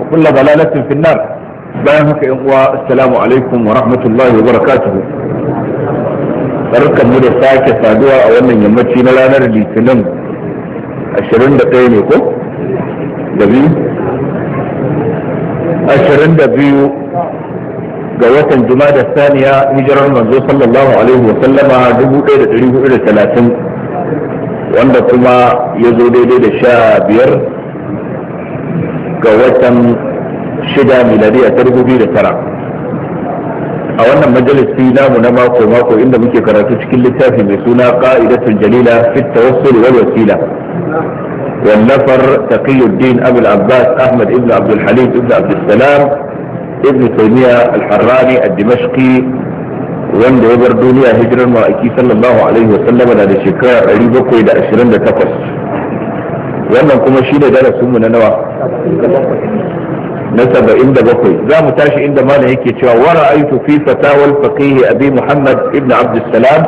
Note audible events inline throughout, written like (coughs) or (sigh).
وكل kullu في النار nar هكا haka yan uwa assalamu alaikum wa rahmatullahi wa barakatuhu barkan mu da sake saduwa a wannan yammaci na ranar litinin 21 ne ko da biyu 22 ga watan jumada saniya hijirar manzo sallallahu alaihi wa sallama 1430 wanda kuma ya zo daidai da 15 ga watan shida miladiya ta dubu biyu da tara a wannan majalisi namu na mako mako inda muke karatu cikin littafi mai suna ka'idatun jalila fit tawassul wal wasila wallafar taqiyuddin abul abbas ahmad ibn abdul halim ibn abdul salam ibn taymiya al-harrani ad-dimashqi wanda ya bar duniya hijirar ma'aiki sallallahu alaihi wa sallama da shekara 728 wannan kuma shi ne darasin mu na nawa na saba'in da bakwai za mu tashi inda malam yake cewa wa ra'aytu fi fatawal faqih abi muhammad ibn abd salam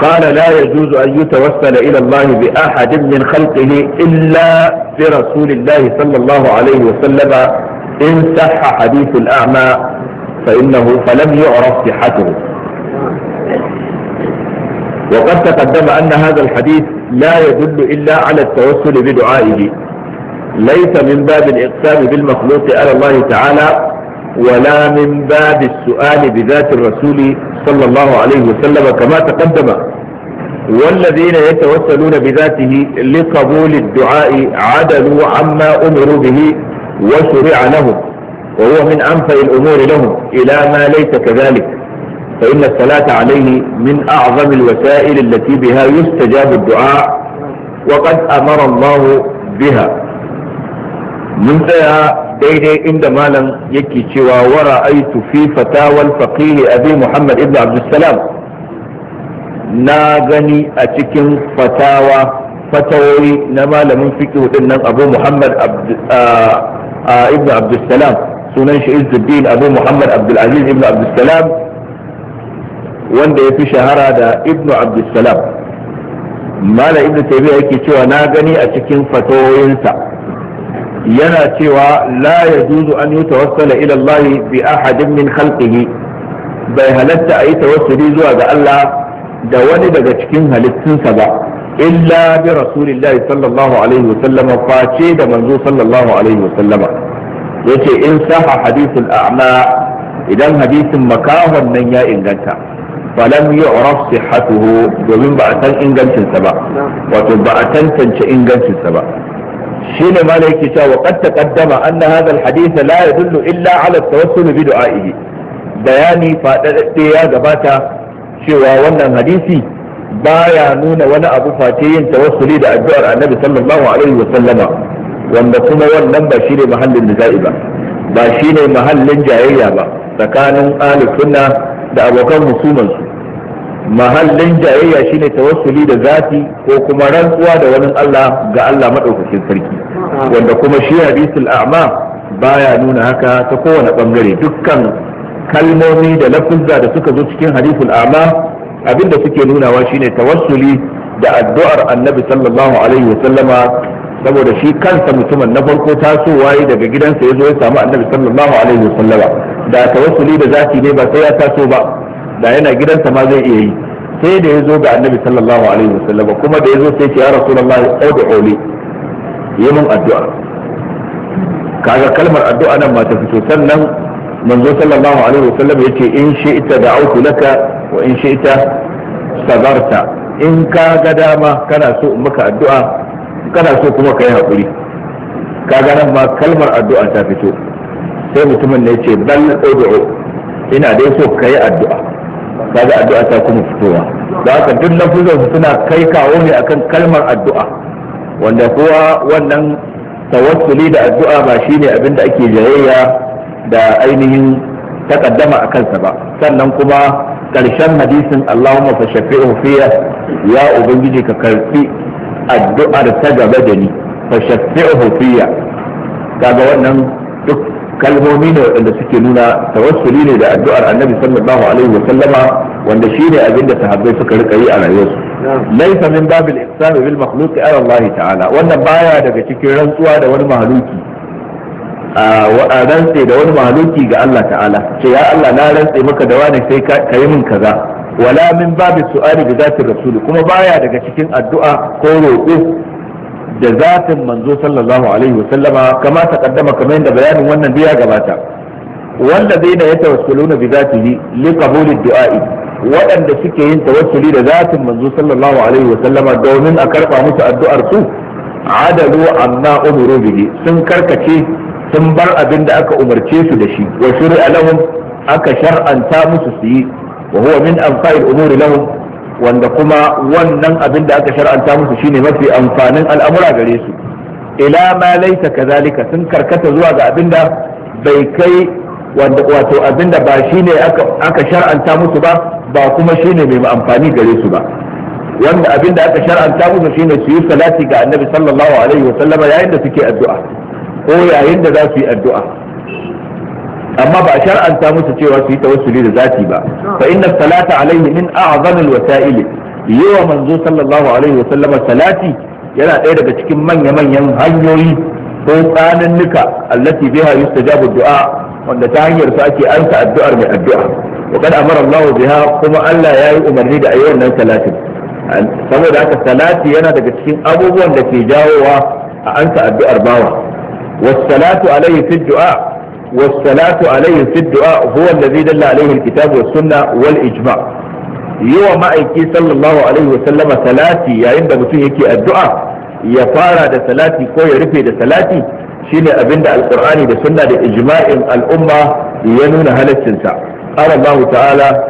قال لا يجوز أن يتوسل إلى الله بأحد من خلقه إلا برسول الله صلى الله عليه وسلم إن صح حديث الأعمى فإنه فلم يعرف صحته وقد تقدم أن هذا الحديث لا يدل إلا على التوسل بدعائه ليس من باب الإقسام بالمخلوق على الله تعالى ولا من باب السؤال بذات الرسول صلى الله عليه وسلم كما تقدم والذين يتوسلون بذاته لقبول الدعاء عدلوا عما أمروا به وشرع لهم وهو من أنفع الأمور لهم إلى ما ليس كذلك فإن الصلاة عليه من أعظم الوسائل التي بها يستجاب الدعاء وقد أمر الله بها من ذا ديه إنذا مالا يكي شوى ورأيت في فتاوى الفقيه أبي محمد ابن عبد السلام ناغني أتكن فتاوى فتوي نمال من فكه إن أبو محمد عبد آآ آه، آآ آه، ابن عبد السلام سننش عز الدين أبو محمد عبد العزيز ابن عبد السلام wanda ya fi shahara da ibnu abdussalam mala ibnu taymiya yake cewa na gani a cikin fatoyinsa yana cewa la yajuzu an yutawassala ila Allah bi ahadin min khalqihi bai halatta a yi tawassuli zuwa ga Allah da wani daga cikin halittunsa ba illa bi rasulillah sallallahu alaihi wa sallam face da manzo sallallahu alaihi wa sallama yace in saha hadithul a'ma idan hadisin makahon nan ya inganta falam yu'raf sihhatuhu domin ba a san ingancinsa ba wato ba a tantance ingancinsa ba shine ma yake cewa wa qad taqaddama anna hadha alhadith la yadullu illa ala at-tawassul bi du'a'ihi bayani fadadadde ya gabata cewa wannan hadisi baya nuna wani abu face yin tawassuli da addu'ar annabi sallallahu alaihi wa sallama wanda kuma wannan ba shine mahallin nizai ba ba shine mahallin jayayya ba tsakanin ahlus sunna da abokan husumansu mahallin jayayya shine tawassuli da zati ko kuma rantsuwa da wani Allah ga Allah madaukakin sarki wanda kuma shi hadisul a'ma baya nuna haka ta kowane bangare dukkan kalmomi da lafuzza da suka zo cikin hadisul a'ma abinda suke nunawa shine tawassuli da addu'ar annabi sallallahu alaihi wa sallama saboda shi kansa mutumin na farko tasowa waye daga gidansa ya zo ya samu annabi sallallahu alaihi wasallama da tawassuli da zaki ne ba sai ya taso ba da yana gidansa ma zai iya yi sai da ya zo ga annabi sallallahu alaihi wasallama kuma da ya zo sai ce ya rasulullahi ud'u li yi mun addu'a kaga kalmar addu'a nan ma ta fito sannan manzo sallallahu alaihi wasallam yace in shi'ta da'awtu laka wa in shi'ta sabarta in ka ga dama kana so in maka addu'a kana so kuma ka yi haƙuri ka nan ma kalmar addu'a ta fito sai mutumin ne ce bal ina dai so ka yi addu'a ga addu'a ta kuma fitowa da haka duk lafuzan suna kai kawo ne akan kalmar addu'a wanda kuwa wannan tawassuli da addu'a ba shine abin da ake jayayya da ainihin takaddama a kansa ba sannan kuma ƙarshen hadisin Allahumma fa shafi'u fiya ya ubangiji ka karbi addu'ar ta gaba da ni fa shafi'uhu fiyya kaga wannan duk kalmomi ne suke nuna tawassuli ne da addu'ar annabi sallallahu alaihi wa sallama wanda shi ne abin da sahabbai suka rika yi a rayuwarsu laifa min babil ihsan bil makhluq ala Allah ta'ala wannan baya daga cikin rantsuwa da wani mahaluki a rantse da wani mahaluki ga Allah ta'ala ce ya Allah na rantse maka da wani sai ka yi min kaza wala min babu su'ali bi zatin rasul kuma baya daga cikin addu'a ko roƙo da zatin manzo sallallahu alaihi wa sallama kama kaddama kamar yadda bayanin wannan biya gabata wanda zai da ya tawassuluna bi yi li qabuli du'a'i waɗanda suke yin tawassuli da zatin manzo sallallahu alaihi wa sallama domin a karba musu addu'ar su adalu amma umuru bihi sun karkace sun bar abin da aka umarce su da shi wa shuri'a lahum aka shar'anta musu su yi wa huwa min anfa'il umuri wanda kuma wannan abin da aka shar'anta musu shine mafi amfanin al'amura gare su ila ma laisa kazalika sun karkata zuwa ga abin da bai kai wanda wato abin da ba shine aka shar'anta musu ba ba kuma shine mai amfani gare su ba wanda abin da aka shar'anta musu shine su yi salati ga annabi sallallahu alaihi wa sallama yayin da suke addu'a ko yayin da za su yi addu'a amma ba shar'anta musu cewa su yi tawassuli da zati ba fa inna salata alaihi min a'zamil wasa'il yawa manzo sallallahu alaihi wa sallama salati yana ɗaya daga cikin manya manyan hanyoyi ko tsanannuka allati biha yustajabu du'a wanda ta hanyar su ake ansa addu'ar mai addu'a wa kad amara Allah biha kuma Allah ya yi umarni da ayi nan salatin saboda haka salati yana daga cikin abubuwan da ke jawowa a ansa addu'ar bawa was salatu alaihi fi du'a والصلاة عليه في الدعاء هو الذي دل عليه الكتاب والسنة والإجماع يوى ما أيكي صلى الله عليه وسلم ثلاثي يا عند متوهكي الدعاء يفارى دا ثلاثي كو يرفي دا ثلاثي شين أبند القرآن دا سنة دا إجماع الأمة ينون هلسنسا قال الله تعالى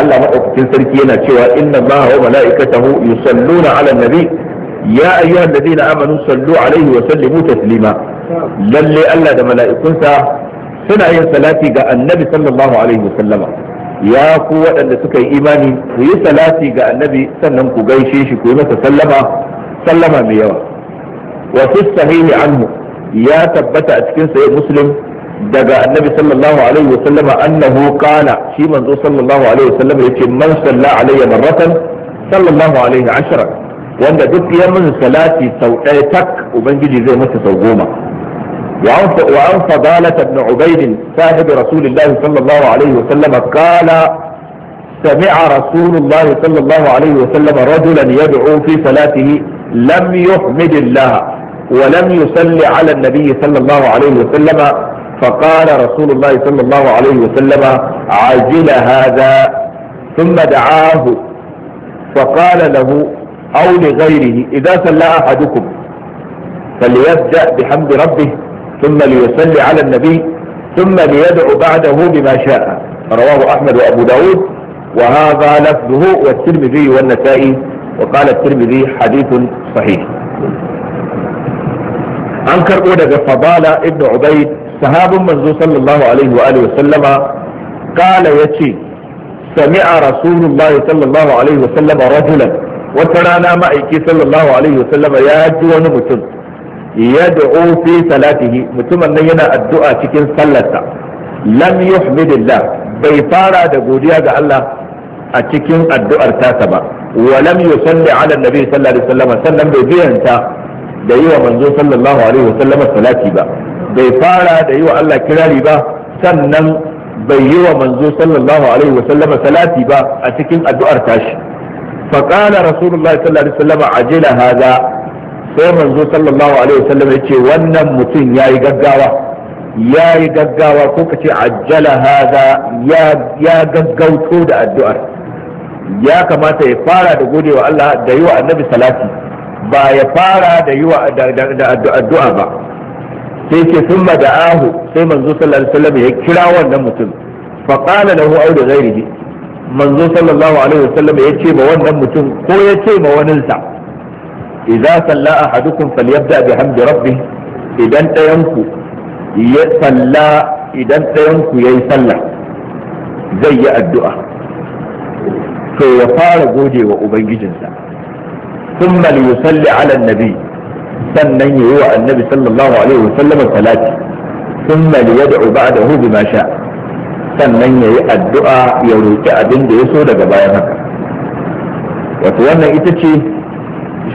الله مأوكتين سركينا شوى إن الله وملائكته يصلون على النبي يا أيها الذين آمنوا صلوا عليه وسلموا تسليما lalle Allah da mala'ikunsa suna yin salati ga annabi sallallahu alaihi wasallama ya ku waɗanda suka yi imani ku yi salati ga annabi sannan ku gaishe shi ku yi masa sallama sallama mai yawa wa fi sahihi anhu ya tabbata a cikin sahih muslim daga annabi sallallahu alaihi wasallama annahu qala shi manzo sallallahu alaihi wasallama yace man salla alayya marratan sallallahu alaihi ashara wanda duk ya mun salati sau ɗaya tak ubangiji zai masa sau goma وعن فضالة بن عبيد صاحب رسول الله صلى الله عليه وسلم قال سمع رسول الله صلى الله عليه وسلم رجلا يدعو في صلاته لم يحمد الله ولم يصل على النبي صلى الله عليه وسلم فقال رسول الله صلى الله عليه وسلم عجل هذا ثم دعاه فقال له أو لغيره إذا صلى أحدكم فليبدأ بحمد ربه ثم ليصلي على النبي ثم ليدعو بعده بما شاء رواه احمد وابو داود وهذا لفظه والترمذي والنسائي وقال الترمذي حديث صحيح انكر اولى فضالة ابن عبيد صحاب منذ صلى الله عليه وآله وسلم قال يتي سمع رسول الله صلى الله عليه وسلم رجلا وترانا معك صلى الله عليه وسلم يا جوان متن yad'u fi salatihi mutumin nan yana addu'a cikin sallarsa lam yuhmidillah bai fara da godiya ga Allah a cikin addu'ar tasa ba wa lam yusalli ala nabi sallallahu alaihi wasallam sannan bai biyanta da yi wa manzo sallallahu alaihi wasallam salati ba bai fara da yi wa Allah kirari ba sannan bai yi wa manzo sallallahu alaihi wasallam salati ba a cikin addu'ar tashi فقال رسول الله صلى الله عليه وسلم عجل هذا sai manzo sallallahu alaihi wasallam yace wannan mutum yayi gaggawa yayi gaggawa ko kace ajjala hada ya ya gaggauto da addu'ar ya kamata ya fara da godewa Allah da yi wa annabi salati ba ya fara da yi wa da addu'a ba sai ce sun da'ahu sai manzo sallallahu alaihi wasallam ya kira wannan mutum fa qala lahu aw da ghairihi manzo sallallahu alaihi wasallam ya ce ba wannan mutum ko ya ce ma waninsa idza salla ahadukum falyabda bihamdi rabbih idan ɗayanku idan ɗayanku yayi sallah zai yi addu'a to ya fara gode wa ubangijinsa thumma yusalli ala nabi sannan yayi wa annabi sallallahu alaihi wasallam salati thumma yad'u da bima sha sannan yayi addu'a ya roki abin da ya so daga baya haka wato wannan ita ce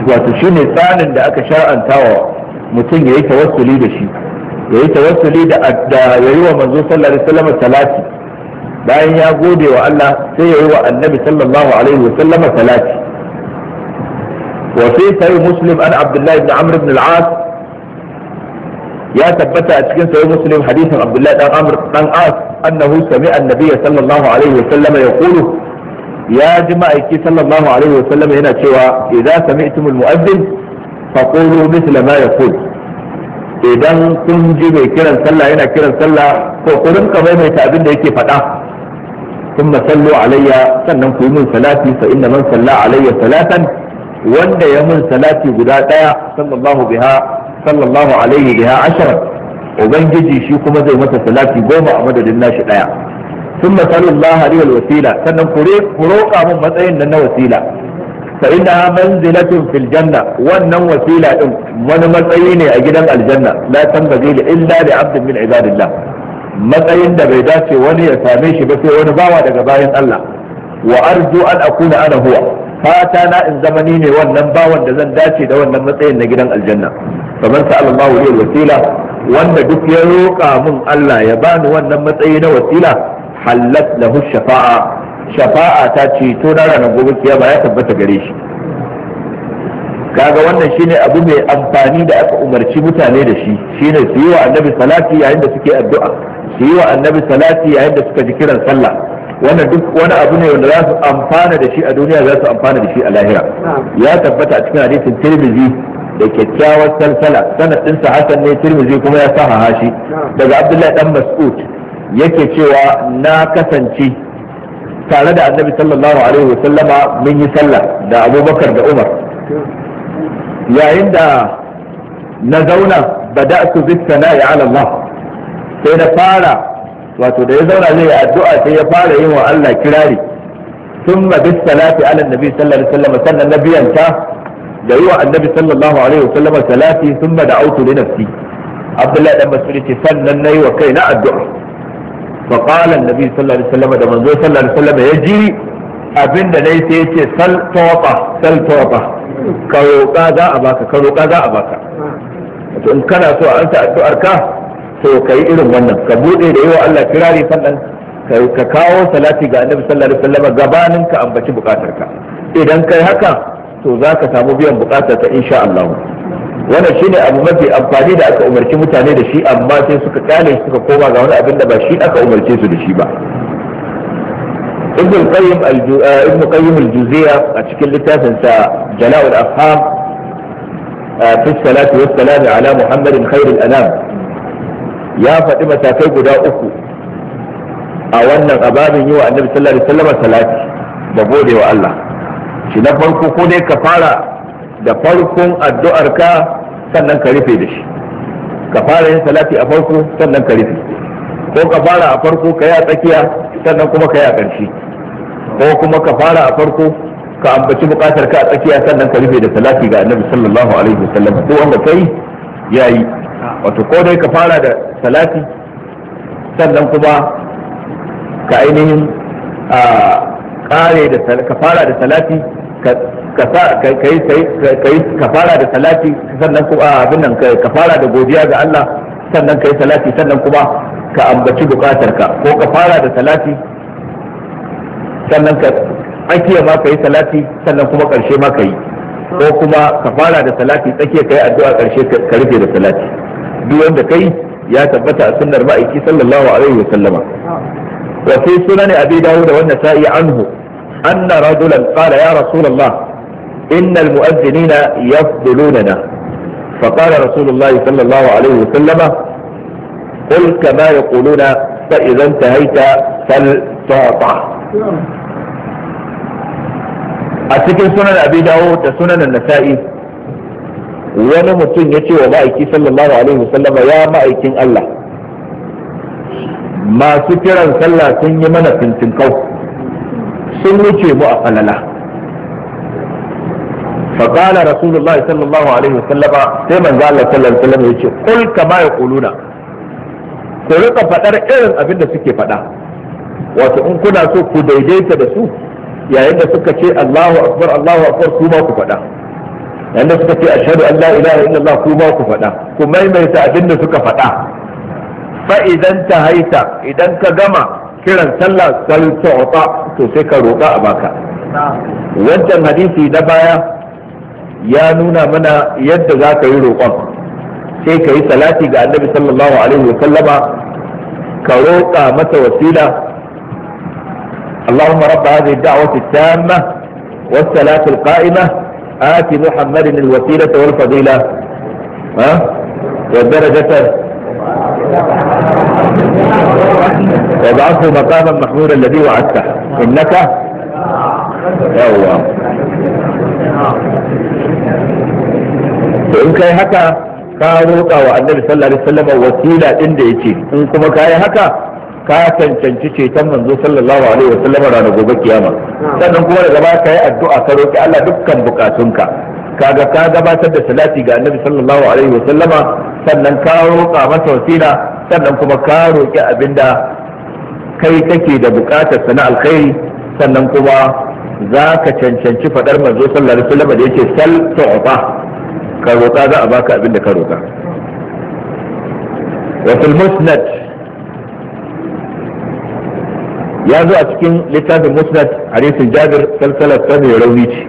wato ne tsanin da aka sha'antawa mutum yayi tawassuli da shi yayi tawassuli da ya yi wa manzo sallallahu alaihi salati bayan ya gode wa Allah sai yi wa annabi sallallahu alaihi wasallam salati wa fi sahih muslim an abdullah ibn amr ibn al-as ya tabbata a cikin sahih muslim hadisin abdullah dan amr dan as annahu sami'a an-nabiy sallallahu alaihi wasallam ya ji ma'aiki sallallahu alaihi wasallam yana cewa idza sami'tumul mu'adhdhin faqulu mithla ma yaqul idan kun ji mai kiran sallah yana kiran sallah ko ku mai maimaita abin da yake faɗa ثم صلوا علي sannan ku yi min salati fa inna man salla alayya salatan wanda ya mun salati guda daya sallallahu biha sallallahu alaihi biha ubangiji shi kuma zai masa salati goma a madadin nashi ɗaya. ثم صل الله عليه الوسيله سنن فروقا من متين لنا وسيله فانها منزله في الجنه وان وسيله من متين اجل الجنه لا تنبغي illa لعبد من عباد الله matsayin da bai dace wani ya same shi ba sai wani bawa daga bayan Allah wa arju an ana huwa fata na in zama ni ne wannan bawan da zan dace da wannan matsayin na gidan aljanna kamar sa Allah wa wasila wanda duk ya roƙa mun Allah ya bani wannan matsayi na wasila hallat lahu shafa'a shafa'a ta to na ranar gobe kiyama ya tabbata gare shi kaga wannan shine abu mai amfani da aka umarci mutane da shi shine su yi wa annabi salati yayin da suke addu'a su yi wa annabi salati yayin da suka ji kiran sallah wannan duk wani abu ne wanda za su amfana da shi a duniya za su amfana da shi a lahira ya tabbata a cikin hadisin tirmidhi da kyakkyawar salsala sanadinsa hasan ne tirmidhi kuma ya sa shi daga abdullahi dan mas'ud yake cewa na kasance tare da annabi sallallahu alaihi wasallama mun yi sallah da abubakar da umar yayin da na zauna ba da bada'tu bisana'i ala Allah sai na fara wato da ya zauna zai addu'a sai ya fara yin wa Allah kirari sun ma bi salati ala nabi sallallahu alaihi wasallam sannan na biyan ta da yi wa annabi sallallahu alaihi wasallama salati sun ma da autu da nafsi abdullahi dan masuri ce sannan na yi wa kai na addu'a fa qala annabi sallallahu alaihi da manzo sallallahu alaihi ya ji abinda dai sai yace sal tawfa sal tawfa ka roƙa za a baka ka roƙa za a baka to in kana so an ta addu'ar ka to irin wannan ka bude da yawa Allah kirari sannan ka kawo salati ga annabi sallallahu alaihi wasallam gabanin ka ambaci bukatarka idan kai haka to za ka samu biyan bukatarka insha Allah wannan shine abu mafi amfani da aka umarci mutane da shi amma sai suka kyale suka koma ga wani abin da ba shi aka umarce su da shi ba ibn qayyim eh, ibn qayyim al-juziyya a cikin littafin sa jala'ul afham eh, fi salati was salam ala muhammadin khairil anam ya faɗi matakai guda uku a wannan ababin yi wa annabi sallallahu alaihi wasallam salati da gode wa Allah shi na farko ko dai ka fara da farkon addu'arka sannan ka rufe da shi ka fara yin salati a farko sannan ka rufe ko ka fara a farko ka yi a tsakiya sannan kuma ka yi a ƙarshe ko kuma ka fara a farko ka ambaci buƙatar ka a tsakiya sannan ka rufe da salati ga annabi sallallahu alaihi wasallam duk wanda kai yayi wato ko dai ka fara da salati sannan kuma ka ainihin a ah, kare da ka fara da salati ka ka fara da salati sannan kuma abin nan ka fara da godiya ga Allah sannan ka yi salati sannan kuma ka ambaci bukatarka ko ka fara da salati sannan ka tsakiya ma ka yi salati sannan kuma karshe ma ka yi ko kuma ka fara da salati tsakiya ka yi addu'a karshe ka rufe da salati duk wanda ka yi ya tabbata a sunnar ma'aiki sallallahu alaihi wa sallama wa fi sunan abi dawud wa an-nasa'i anhu anna rajulan qala ya rasulullah innal mu'adhdhinina yafdulunana فقال رسول الله صلى الله عليه وسلم قل كما يقولون فإذا انتهيت فلتعطى a cikin sunan abi dawo da sunan nasa'i wani mutum ya ce wa ma'aiki sallallahu alaihi wasallama ya ma'aikin Allah masu kiran sallah sun yi mana fintinkau sun wuce mu a falala fa qala rasulullahi sallallahu alaihi wasallam sai manzo Allah sallallahu alaihi wasallam yace kul kama yaquluna ku rika faɗar irin abin da suke fada wato in kuna so ku daidaita da su yayin da suka ce Allahu akbar Allahu akbar ku ma ku fada yayin da suka ce ashhadu an la ilaha illallah ku ma ku fada ku maimaita abin da suka fada fa idan tahaita idan ka gama kiran sallah sal tu'ta to sai ka roƙa a baka wancan hadisi na baya ya nuna mana yadda za ka yi roƙon sai ka yi salati ga annabi sallallahu alaihi wa sallama ka roƙa masa wasila اللهم رب هذه الدعوة التامة والصلاة القائمة آت محمد الوسيلة والفضيلة ها أه؟ والدرجة وابعثه مقاما محمودا الذي وعدته إنك يا الله to in kai haka ka roƙa wa annabi sallallahu alaihi wasallam wasila din da yace in kuma kai haka ka cancanci ceton manzo sallallahu alaihi wasallam ranar gobe kiyama sannan kuma da gaba kai addu'a ka roƙi Allah dukkan bukatunka kaga ka gabatar da salati ga annabi sallallahu alaihi wasallam sannan ka roƙa masa wasila sannan kuma ka roƙi abinda kai kake da bukatar sana alkhairi sannan kuma za ka cancanci faɗar manzo sallallahu alaihi wasallam da yake sal tu'ba ka roƙa za a baka abin da ka roƙa wa fil musnad ya zo a cikin littafin musnad hadisin jabir salsalar ta mai rauni ce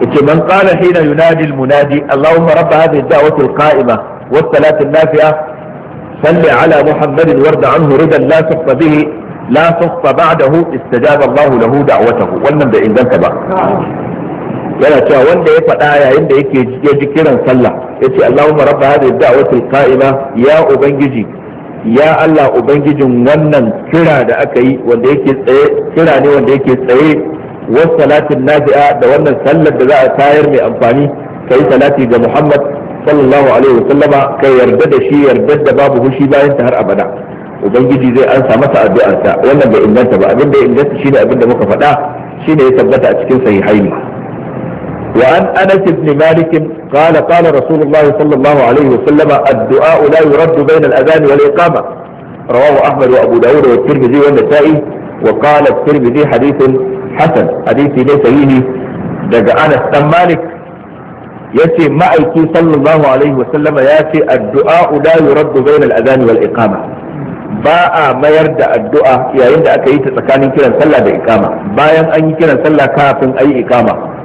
yace man qala hina yunadi al munadi allahumma rabb hadhihi ad-da'wati al-qa'ima was-salati an-nafi'a صل على محمد وارض عنه رضا لا سخط به لا سخط بعده استجاب الله له دعوته wannan da inganta ba yana cewa wanda ya faɗa yayin da yake ya ji kiran sallah ya ce Allahumma rabba hadhihi da'watil qa'ima ya ubangiji ya Allah ubangijin wannan kira da aka yi wanda yake tsaye kira ne wanda yake tsaye wasu salatin nafi'a da wannan sallar da za a tayar mai amfani kai salati ga Muhammad sallallahu alaihi wasallama kai yarda da shi yarda da babu hushi bayan ta har abada ubangiji zai ansa masa addu'arsa wannan bai inganta ba abin da ya inganta shine abin da muka faɗa shine ya tabbata a cikin sahihaini وعن أنس بن مالك قال قال رسول الله صلى الله عليه وسلم الدعاء لا يرد بين الأذان والإقامة رواه أحمد وأبو داود والترمذي والنسائي وقال الترمذي حديث حسن حديث ليس فيه دقى أنس بن مالك يأتي معك صلى الله عليه وسلم يأتي الدعاء لا يرد بين الأذان والإقامة ba a mayar da addu'a yayin da aka yi ta tsakanin kiran sallah da ikama bayan an yi kiran sallah kafin ayi ikama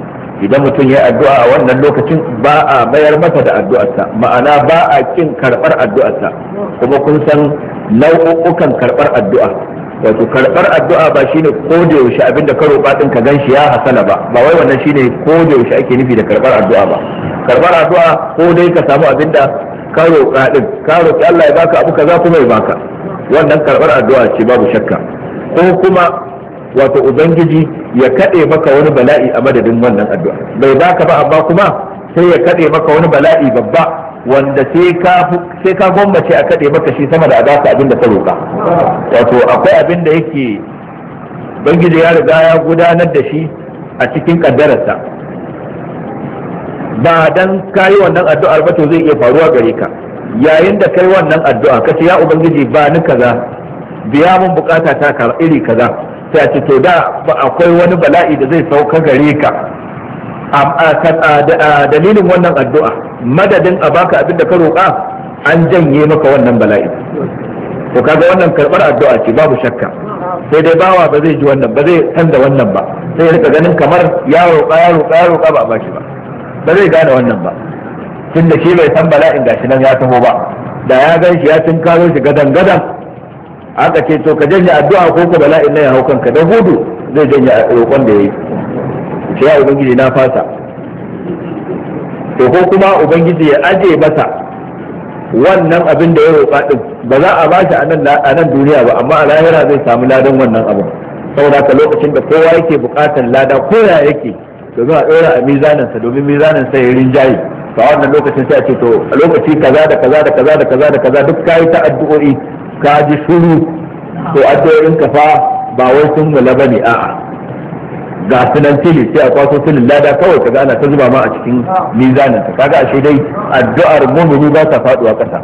idan mutum ya addu'a a wannan lokacin ba a mayar mata da addu'arsa ma'ana ba a kin karɓar addu'arsa kuma kun san nau'ukan karɓar addu'a wato karɓar addu'a ba shine ko da yaushe abinda ka roƙa din ka ganshi ya hasala ba ba wai wannan shine ko da yaushe ake nufi da karɓar addu'a ba karɓar addu'a ko dai ka samu abinda ka roƙa din ka roƙi Allah ya baka abu kaza kuma ya baka wannan karɓar addu'a ce babu shakka ko kuma wato ubangiji ya kaɗe maka wani bala'i a madadin wannan addu'a bai baka ba amma kuma sai ya kaɗe maka wani bala'i babba wanda sai ka gwammace a kaɗe maka shi sama da a baka abin da ka roƙa wato akwai abin da yake ubangiji ya riga ya gudanar da shi a cikin kaddararsa ba dan ka yi wannan addu'ar ba to zai iya faruwa gare ka yayin da kai wannan addu'a kace ya ubangiji ba ni kaza biya mun bukata ta iri kaza ta ce to da akwai wani bala'i da zai sauka gare ka dalilin wannan addu'a madadin a baka abin da ka roƙa an janye maka wannan bala'i to kaga wannan karɓar addu'a ce babu shakka sai dai bawa ba zai ji wannan ba zai san da wannan ba sai ya rika ganin kamar ya roƙa ya roƙa ya roƙa ba a bashi ba ba zai gane wannan ba tunda shi bai san bala'in gashi nan ya taho ba da ya gan shi ya tunkaro shi gadan gadan aka ce to ka janye addu'a ko ka bala'in nan ya hau kanka dan hudu zai janye roƙon da yayi ce ya ubangiji na fasa to ko kuma ubangiji ya aje masa wannan abin da ya roƙa din ba za a bashi a nan duniya ba amma a lahira zai samu ladan wannan abin saboda ka lokacin da kowa yake buƙatar lada ko ya yake domin a ɗora a mizaninsa domin mizaninsa ya rinjaye to a wannan lokacin sai a ce to a lokaci kaza da kaza da kaza da kaza da kaza duk kayi ta addu'o'i ka ji shuru to addu'o'in ka fa ba wai sun mula bane a'a ga sunan tili sai a kwaso tilin lada kawai kaga gana ta zuba ma a cikin mizanin ka kaga ashe dai addu'ar mumini ba ta faduwa kasa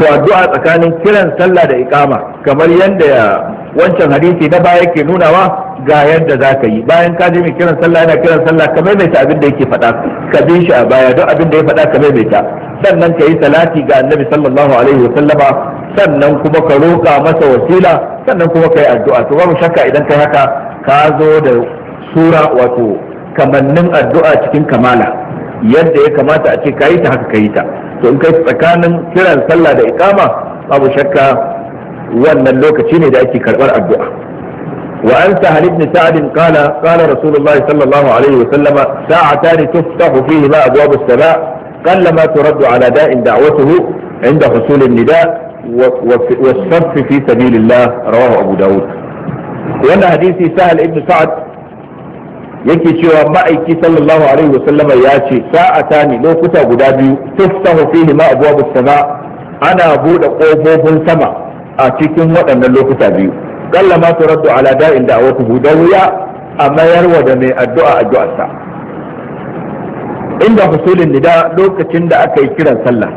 to addu'a tsakanin kiran sallah da iqama kamar yanda wancan hadisi na baya yake nunawa ga yadda za ka yi bayan ka je mai kiran sallah yana kiran sallah ka maimaita abin da yake faɗa ka bi shi a baya don abin da ya faɗa ka maimaita sannan ka yi salati ga annabi sallallahu alaihi wa sallama sannan kuma ka roƙa masa wasila sannan kuma ka yi addu'a to babu shakka idan kai haka ka zo da sura wato kamannin addu'a cikin kamala yadda ya kamata a ce ka yi ta haka ka yi ta to in kai tsakanin kiran sallah da ikama babu shakka wannan lokaci ne da ake karɓar addu'a وعن سهل بن سعد قال قال رسول الله صلى الله عليه وسلم ساعتان تفتح فيهما أبواب السماء قلما ترد على داء دعوته عند حصول النداء والصف في سبيل الله رواه أبو داود وأن حديث سهل بن سعد yake cewa ma'aiki sallallahu alaihi wasallama ya ce sa'ata ne lokuta guda biyu tuftahu fihi ma abwabu sama ana bude kofofin sama a cikin waɗannan lokuta biyu kalla ma turaddu ala da'in wata da wuya a mayar wa da mai addu'a addu'arsa inda fasulin nida lokacin da aka yi kiran sallah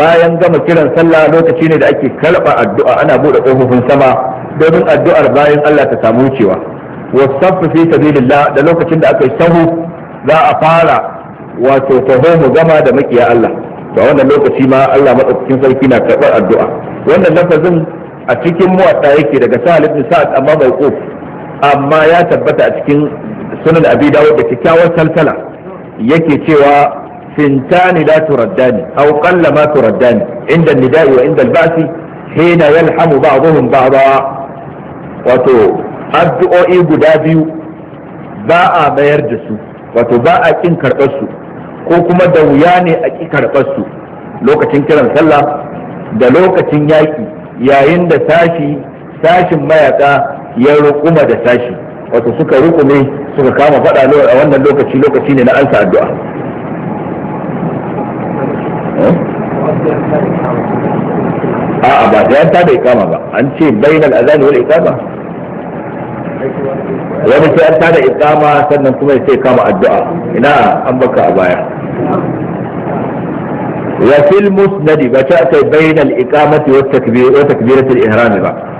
bayan gama kiran sallah lokaci ne da ake karba addu'a ana buɗe kofofin sama domin addu'ar bayan Allah ta samu wucewa Wasu fi sabilillah da lokacin da aka yi sahu za a fara wato taho mu gama da makiya Allah to wannan lokaci ma Allah madaukakin sarki na karɓar addu'a wannan lafazin a cikin muwatta yake daga sahal ibn sa'ad amma mawquf amma ya tabbata a cikin sunan abi dawud da kikkiawar salsala yake cewa fintani la turaddani aw qalla ma turaddani inda nida'i wa inda al-ba'si hina yalhamu ba'dhum ba'dha wato addu'o'i guda biyu ba a mayar da su wato ba a kin karɓar su ko kuma da wuya ne a ki karɓar su lokacin kiran sallah da lokacin yaƙi yayin da sashi sashin mayaka ya rukuma da sashi wato suka rukume suka kama fada a wannan lokaci lokaci ne na ansa addu'a eh? a'a ba da ta bai ikama ba an ce bainal azani wal ikama wani sai an tada ikama sannan kuma sai kama addu'a ina an baka a baya وفي المسند بتأتي بين الإقامة والتكبير وتكبيرة الإهرام بقى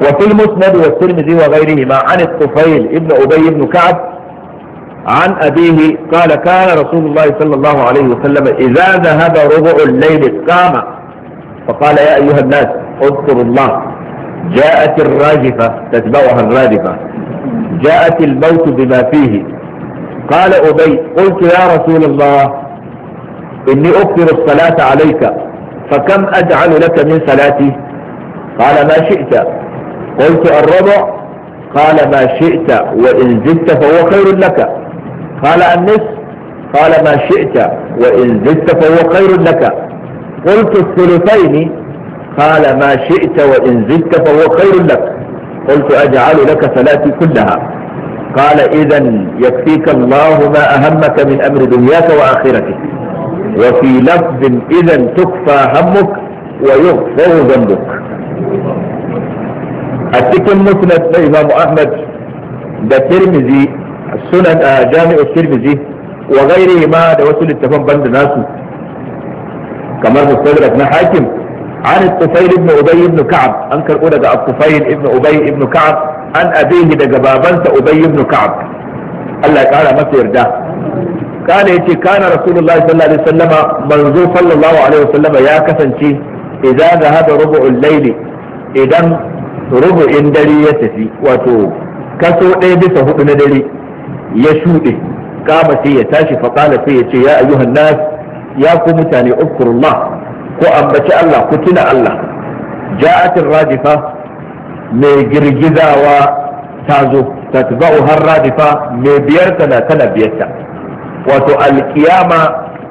وفي المسند والترمذي وغيرهما عن الطفيل ابن أبي بن كعب عن أبيه قال كان رسول الله صلى الله عليه وسلم إذا ذهب ربع الليل قام فقال يا أيها الناس اذكروا الله جاءت الراجفة تتبعها الرادفة جاءت الموت بما فيه قال أبي قلت يا رسول الله إني أكثر الصلاة عليك فكم أجعل لك من صلاتي قال ما شئت قلت الربع قال ما شئت وإن زدت فهو خير لك قال النصف قال ما شئت وإن زدت فهو خير لك قلت الثلثين قال ما شئت وإن زدت فهو خير لك قلت أجعل لك صلاتي كلها قال إذا يكفيك الله ما أهمك من أمر دنياك وآخرتك وفي لفظ إذا تكفى همك ويغفر ذنبك التكن مسند لإمام أحمد ده ترمزي السنن آه، جامع الترمزي وغيرهما ده وصل التفن بند ناسه كما مستدرك حاكم عن الطفيل بن أبي بن كعب أنكر أولى ده الطفيل بن أبي بن كعب عن أبيه ده جبابنت أبي بن كعب الله تعالى ما يرداه kana ce kana rasulullahi sallallahu alaihi wasallama manzo sallallahu ya kasance idan zahaba rubu'ul layli idan rubu'in dare ya tafi wato kaso ɗaya bisa hudu na dare ya shuɗe kama ya tashi faƙala sai ya ce ya ayyuhan ya ku mutane ukurullah ku ambaci Allah ku tuna Allah ja'atir rajifa mai girgizawa ta zo har rajifa mai biyarta na tana biyarta wato alkiyama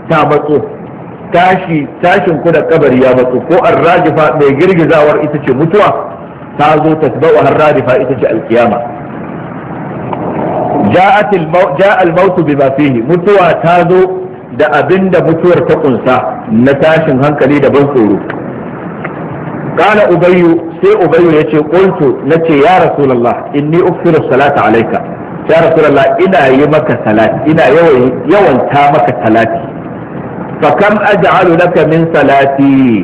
ta matso tashi tashin da kabari ya matso ko arrajifa mai girgizawar ita ce mutuwa ta zo tasba'u arrajifa ita ce alkiyama Ja al-mautu bima fihi mutuwa ta zo da abin da mutuwar ta kunsa na tashin hankali da ban tsoro kana ubayyu sai ubayyu yace qultu nace ya rasulullah inni uksiru salata alayka ya rasulullah ina yi maka salati ina yawanta maka salati fa kam aj'alu laka min salati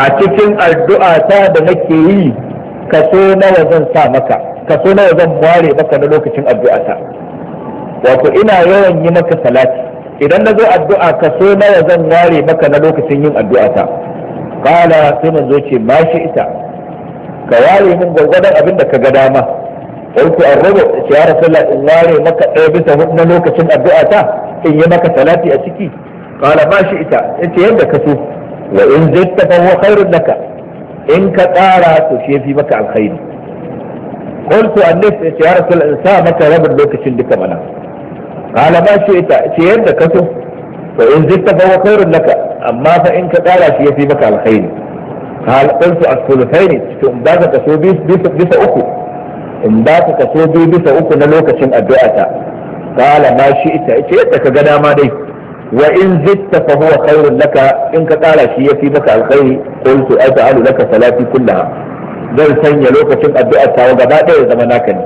a cikin addu'a ta da nake yi kaso nawa zan sa maka kaso nawa zan ware maka na lokacin addu'a ta wato ina yawan yi maka salati idan na zo addu'a kaso nawa zan ware maka na lokacin yin addu'a ta kala sai manzo ce ma shi ita ka ware min gwargwadon abin da ka ga dama قلت الربع يا رسول الله النار مكة عيبتة هدنا لوكة أبدأتا إن يمك ثلاثة أسكي قال ما شئت أنت يدك كسوف وإن زدت فهو خير لك إن كتارا تشي في مكة الخير قلت النفس يا رسول الإنسان مكة ربع لوكة لك منا قال ما شئت أنت يدك كسوف وإن زدت فهو خير لك أما فإن كتارا تشي في مكة الخير قال قلت الثلثين تنبذك سوبيس بس أخو in ba ka kaso biyu bisa uku na lokacin addu'ata Kala ma shi'ta ce yadda ka ga dama dai wa in zitta fa huwa khairun laka in ka kara shi yafi maka alkhairi qultu aj'alu laka salati kullaha zan sanya lokacin addu'a ta gaba ɗaya zama naka ne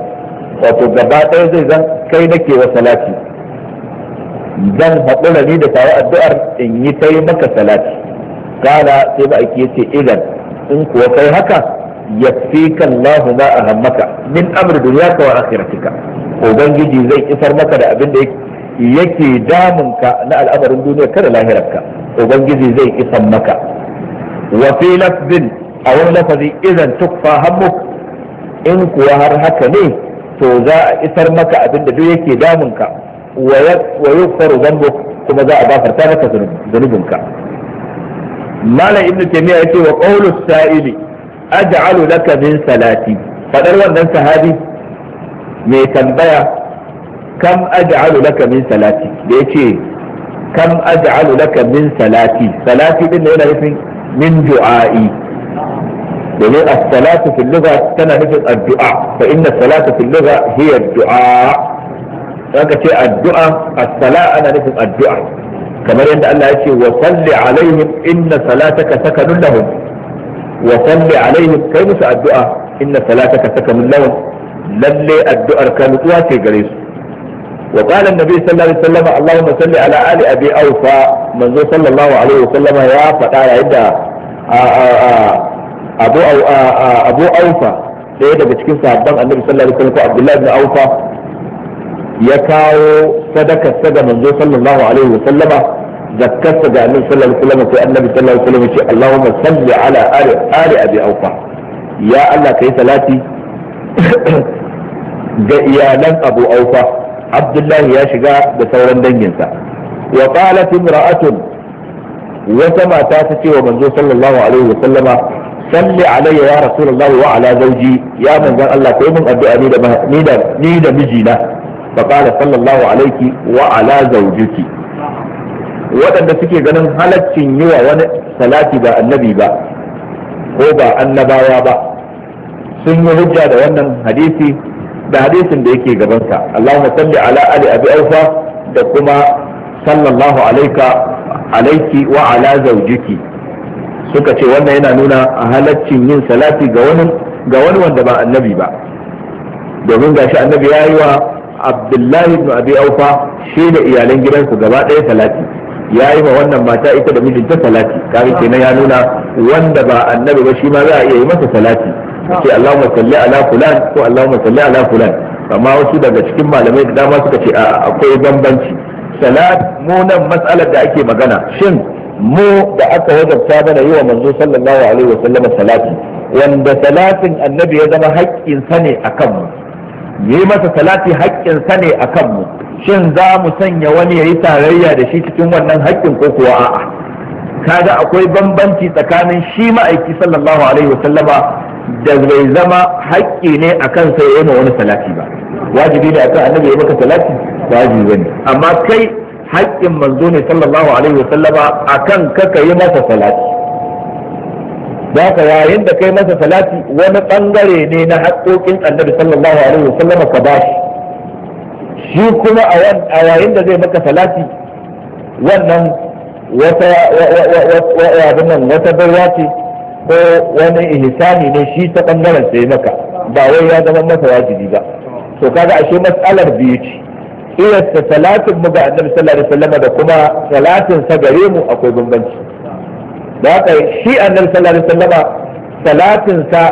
wato gaba ɗaya zai zan kai nake wa salati zan haƙura ni da tawa addu'ar in yi kai maka salati Kala sai ba ake ce idan in kuwa kai haka yafika Allah ma ahammaka min amr dunyaka wa akhiratika ubangiji zai isar maka da abin yake damunka na al'amarin duniya kada lahirarka ubangiji zai isar maka wa fi lafzin a wani lafazi idan tukfa hammuk in kuwa har haka ne to za a isar maka abin da duk yake damunka wa yukfaru zambuk kuma za a maka malam ibnu ya yace wa qawlus aj'alu laka min salati fadar wannan sahabi mai tambaya kam aj'alu laka min salati da yace kam aj'alu laka min salati salati din ne yana nufin min du'a'i domin as-salatu fil lugha tana nufin addu'a fa inna salata fil hiya dua zaka ce addu'a as-sala ana nufin addu'a kamar yadda Allah ya ce wa salli alaihim inna salataka sakanun lahum wa salli alaihim kai musu addu'a inna salataka sakanun lahum lalle addu'ar ka nutsuwa ce gare su wa qala annabi sallallahu alaihi wasallam allahumma salli ala ali abi awfa manzo sallallahu alaihi wasallam ya faɗa yayin da abu abu awfa ɗaya daga cikin sahabban annabi sallallahu alaihi wasallam abdullahi ibn awfa ya kawo sadaka sa manzo sallallahu alaihi wasallama zakkarsa ga annabi sallallahu alaihi wasallam sai annabi sallallahu alaihi wasallam ya ce salli ala ali ali ya Allah salati (coughs) ga iyalan abu aufa abdullahi ya shiga da sauran danginsa wa qalat imra'atun wata mata ta cewa wa manzo sallallahu alaihi wasallama salli alayya ya rasulullahi wa ala zawji ya manzon Allah kai mun addu'a ni da ni da mijina fa qala sallallahu wa waɗanda suke ganin halaccin yi wa wani salati ba annabi ba ko ba annabawa ba sun yi hujja da wannan hadisi da hadisin da yake gabansa Allahumma salli ala ali abi aufa da kuma sallallahu alaika alaiki wa ala zaujiki suka ce wannan yana nuna a halaccin yin salati ga wani ga wani wanda ba annabi ba domin gashi annabi ya yi wa abdullahi ibn abi aufa shi da iyalan gidansu gaba ɗaya salati ya yi wa wannan mata ita da mijinta salati kare kenan ya nuna wanda ba annabi ba shi ma za a iya yi masa salati ce Allahumma salli ala fulan ko Allahumma salli ala fulan amma wasu daga cikin malamai da dama suka ce akwai bambanci salat mu nan matsalar da ake magana shin mu da aka wajabta mana yi wa manzo sallallahu alaihi wa sallam salati wanda salatin annabi ya zama haƙƙin sa ne akan mu yi masa salati haƙƙinsa ne a kanmu shin za mu sanya wani ya yi tarayya da shi cikin wannan haƙƙin ko kuwa a'a kaga akwai bambanci tsakanin shi ma'aiki sallallahu alaihi wasallama da bai zama haƙƙi ne a kansa ya yi wani salati ba wajibi ne akan annabi ya maka salati wajibi ne amma kai haƙƙin manzo ne sallallahu alaihi wasallama akan ka ka yi masa salati za ka yayin da kai masa salati wani bangare ne na haƙoƙin annabi sallallahu alaihi wasallam ka ba shi shi kuma a yayin da zai maka salati wannan wata wata baiwa ce ko wani ihsani ne shi ta bangaren sai maka ba wai ya zama masa wajibi ba to kaga ashe matsalar biyu ce iyasta salatin mu ga annabi sallallahu alaihi sallama da kuma salatin sa gare mu akwai bambanci da haka shi annabi sallallahu alaihi salatinsa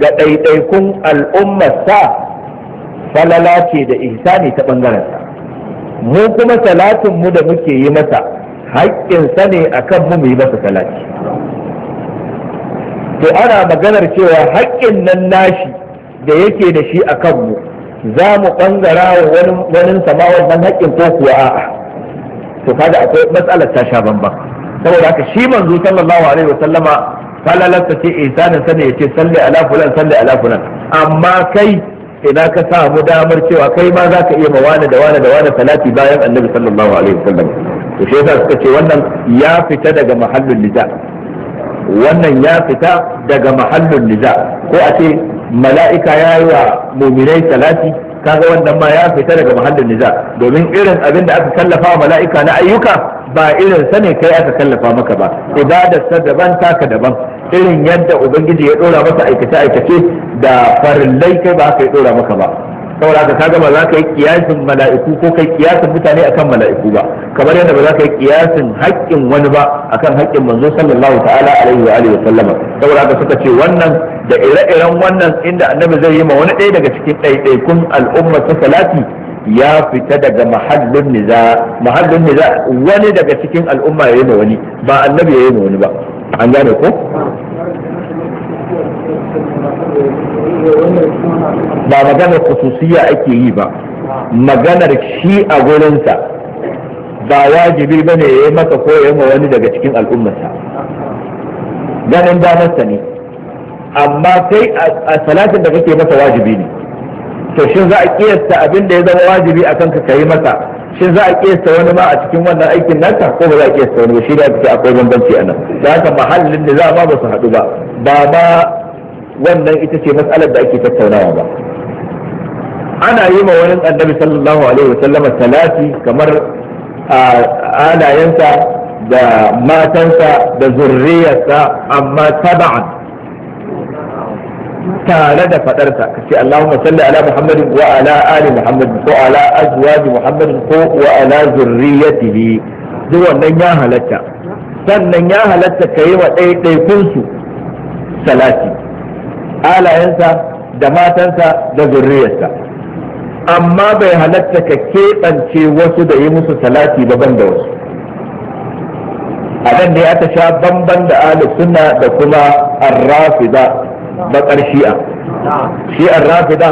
ga ɗaiɗaikun al'ummarsa falala ce da ihsani ta ɓangarensa mu kuma salatinmu da muke yi masa haƙƙinsa ne akan mu mu yi masa salati to ana maganar cewa haƙƙin nan nashi da yake da shi a mu, za mu ɓangara wa wani samawar nan haƙƙin ko kuwa a'a to kada akwai matsalar ta sha bambam saboda haka shi manzo sallallahu alaihi wasallama falalarsa ce isanin sani ya ce salli ala fulan salli ala fulan amma kai ina ka samu damar cewa kai ma za ka iya ma wani da wani da wani salati bayan annabi sallallahu alaihi wasallam to shi yasa suka ce wannan ya fita daga mahallin nida wannan ya fita daga mahallin nida ko a ce mala'ika ya yi wa muminai salati kaga wannan ma ya fita daga muhallin niza domin irin abin da aka kallafa wa mala'ika na ayyuka ba irin sa ne kai aka kallafa maka ba ibadarsa daban taka daban irin yadda ubangiji ya dora masa aikace aikace da farillai kai ba aka ɗora dora maka ba saboda haka kaga ba za ka yi kiyasin mala'iku ko kai kiyasin mutane akan mala'iku ba kamar yadda ba za ka yi kiyasin haƙƙin wani ba akan haƙƙin manzo sallallahu ta'ala alaihi wa alihi wa sallama saboda haka suka ce wannan da ire-iren wannan inda annabi zai yi ma wani ɗaya daga cikin ɗaiɗaikun al'umma ta salati ya fita daga mahallin niza mahallin niza wani daga cikin al'umma ya yi ma wani ba annabi ya yi ma wani ba an gane ko ba maganar kususiya ake yi ba maganar shi a gurinsa ba wajibi ba ne ya yi ko ya wani daga cikin al'ummarsa ganin damarsa ne amma sai a salatin da kake masa wajibi ne to shin za a kiyasta abin da ya zama wajibi a kanka ka yi masa shin za a kiyasta wani ma a cikin wannan aikin nata ko ba za a kiyasta wani ba shi da ake akwai bambanci a nan da haka mahallin da za ma ba su haɗu ba ba wannan ita ce matsalar da ake tattaunawa ba ana yi ma wani annabi sallallahu alaihi wasallama salati kamar alayensa da matansa da zurriyarsa amma taba'an tare da fadarsa ka ce Allahumma salli ala Muhammadin wa ala ali muhammadin ko ala azwaji Muhammadin ko wa ala zurriyatihi duk wannan ya halatta sannan ya halatta ka yi wa ɗaiɗaikunsu salati alayensa da matansa da zurriyarsa amma bai halatta ka keɓance wasu da yi musu salati daban da wasu a da ne aka sha bamban da ahlus sunna da kuma arrafida bakar shi'a shi'ar rafida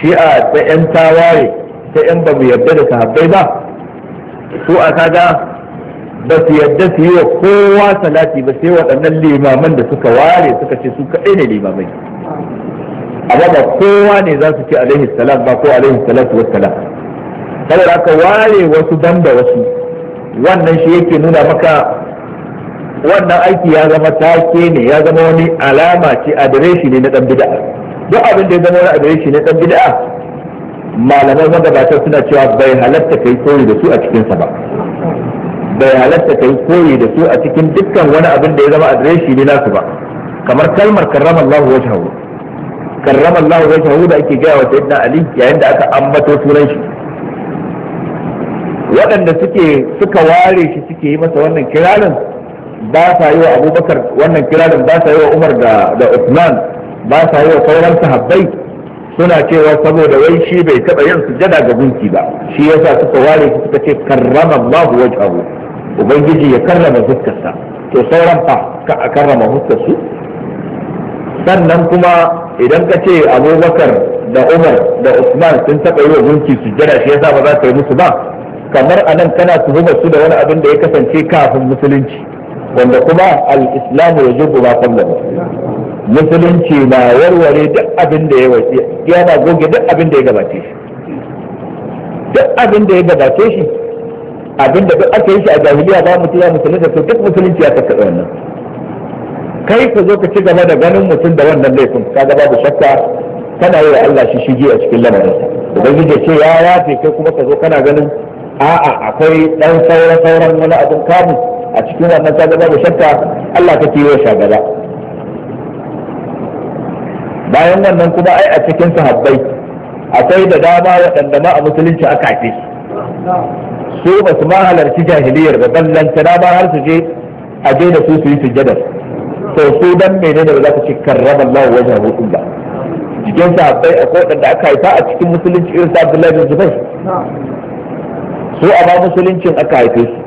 shi'a ta yan tawaye ta yan ba mu yarda da sahabbai ba su a kaga ba su yadda su yi wa kowa salati ba sai waɗannan limaman da suka ware suka ce su kaɗai ne limamai amma kowa ne za su ce alaihi salam ba ko alaihi salatu wassalam saboda aka ware wasu banda wasu wannan shi yake nuna maka wannan aiki ya zama take ne ya zama wani alama ce adireshi ne na dan bid'a duk abin da ya zama wani adireshi ne na dan bid'a malaman gabata suna cewa bai halatta kai koyi da su a cikinsa ba bai halatta kai koyi da su a cikin dukkan wani abin da ya zama adireshi ne nasu ba kamar kalmar karrama Allah wajhahu karrama Allah wa shahuda ake gaya wa sayyidina Ali yayin da aka ambato sunan shi waɗanda suke suka ware shi suke yi masa wannan kiranin ba sa yi wa Abubakar wannan kirarin ba sa yi wa Umar da da Uthman ba sa yi wa sauran sahabbai suna cewa saboda wai shi bai taɓa yin sujada ga gunki ba shi yasa suka ware shi suka ce karrama Allah wajhahu ubangiji ya karrama fuskarsa to sauran fa ka a karrama fuskarsu sannan kuma idan ka ce abubakar da umar da usman sun taɓa yi wa gunki jira shi yasa ba za ka yi musu ba kamar anan kana tuhumar su da wani abin da ya kasance kafin musulunci wanda kuma al-islam ya jubu ba kullu musulunci na warware duk abin da ya wace yana goge duk abin da ya gabace shi duk abin da ya gabace shi abin da duk aka yi shi a jahiliya ba mutum ya musulunta to duk musulunci ya saka wannan kai ka zo ka ci gaba da ganin mutum da wannan laifin ka gaba da shakka kana yi wa Allah shi shige a cikin lamarinsa ubangiji ce ya yafe kai kuma ka zo kana ganin a'a akwai dan sauran sauran wani abin kamun a cikin wannan ka gaba da shakka Allah kake yi wa shagaba bayan wannan kuma ai a cikin sahabbai akwai da dama waɗanda ma a musulunci aka fi su ba su ma halarci jahiliyar ba ballanta dama har su je a je da su su yi sujjadar to ko dan menene ba za ka ce karrama Allah wajen hukun ba cikin sahabbai akwai wadanda aka haifa a cikin musulunci irin sa Abdullahi bin Zubair su a ba musuluncin aka haife su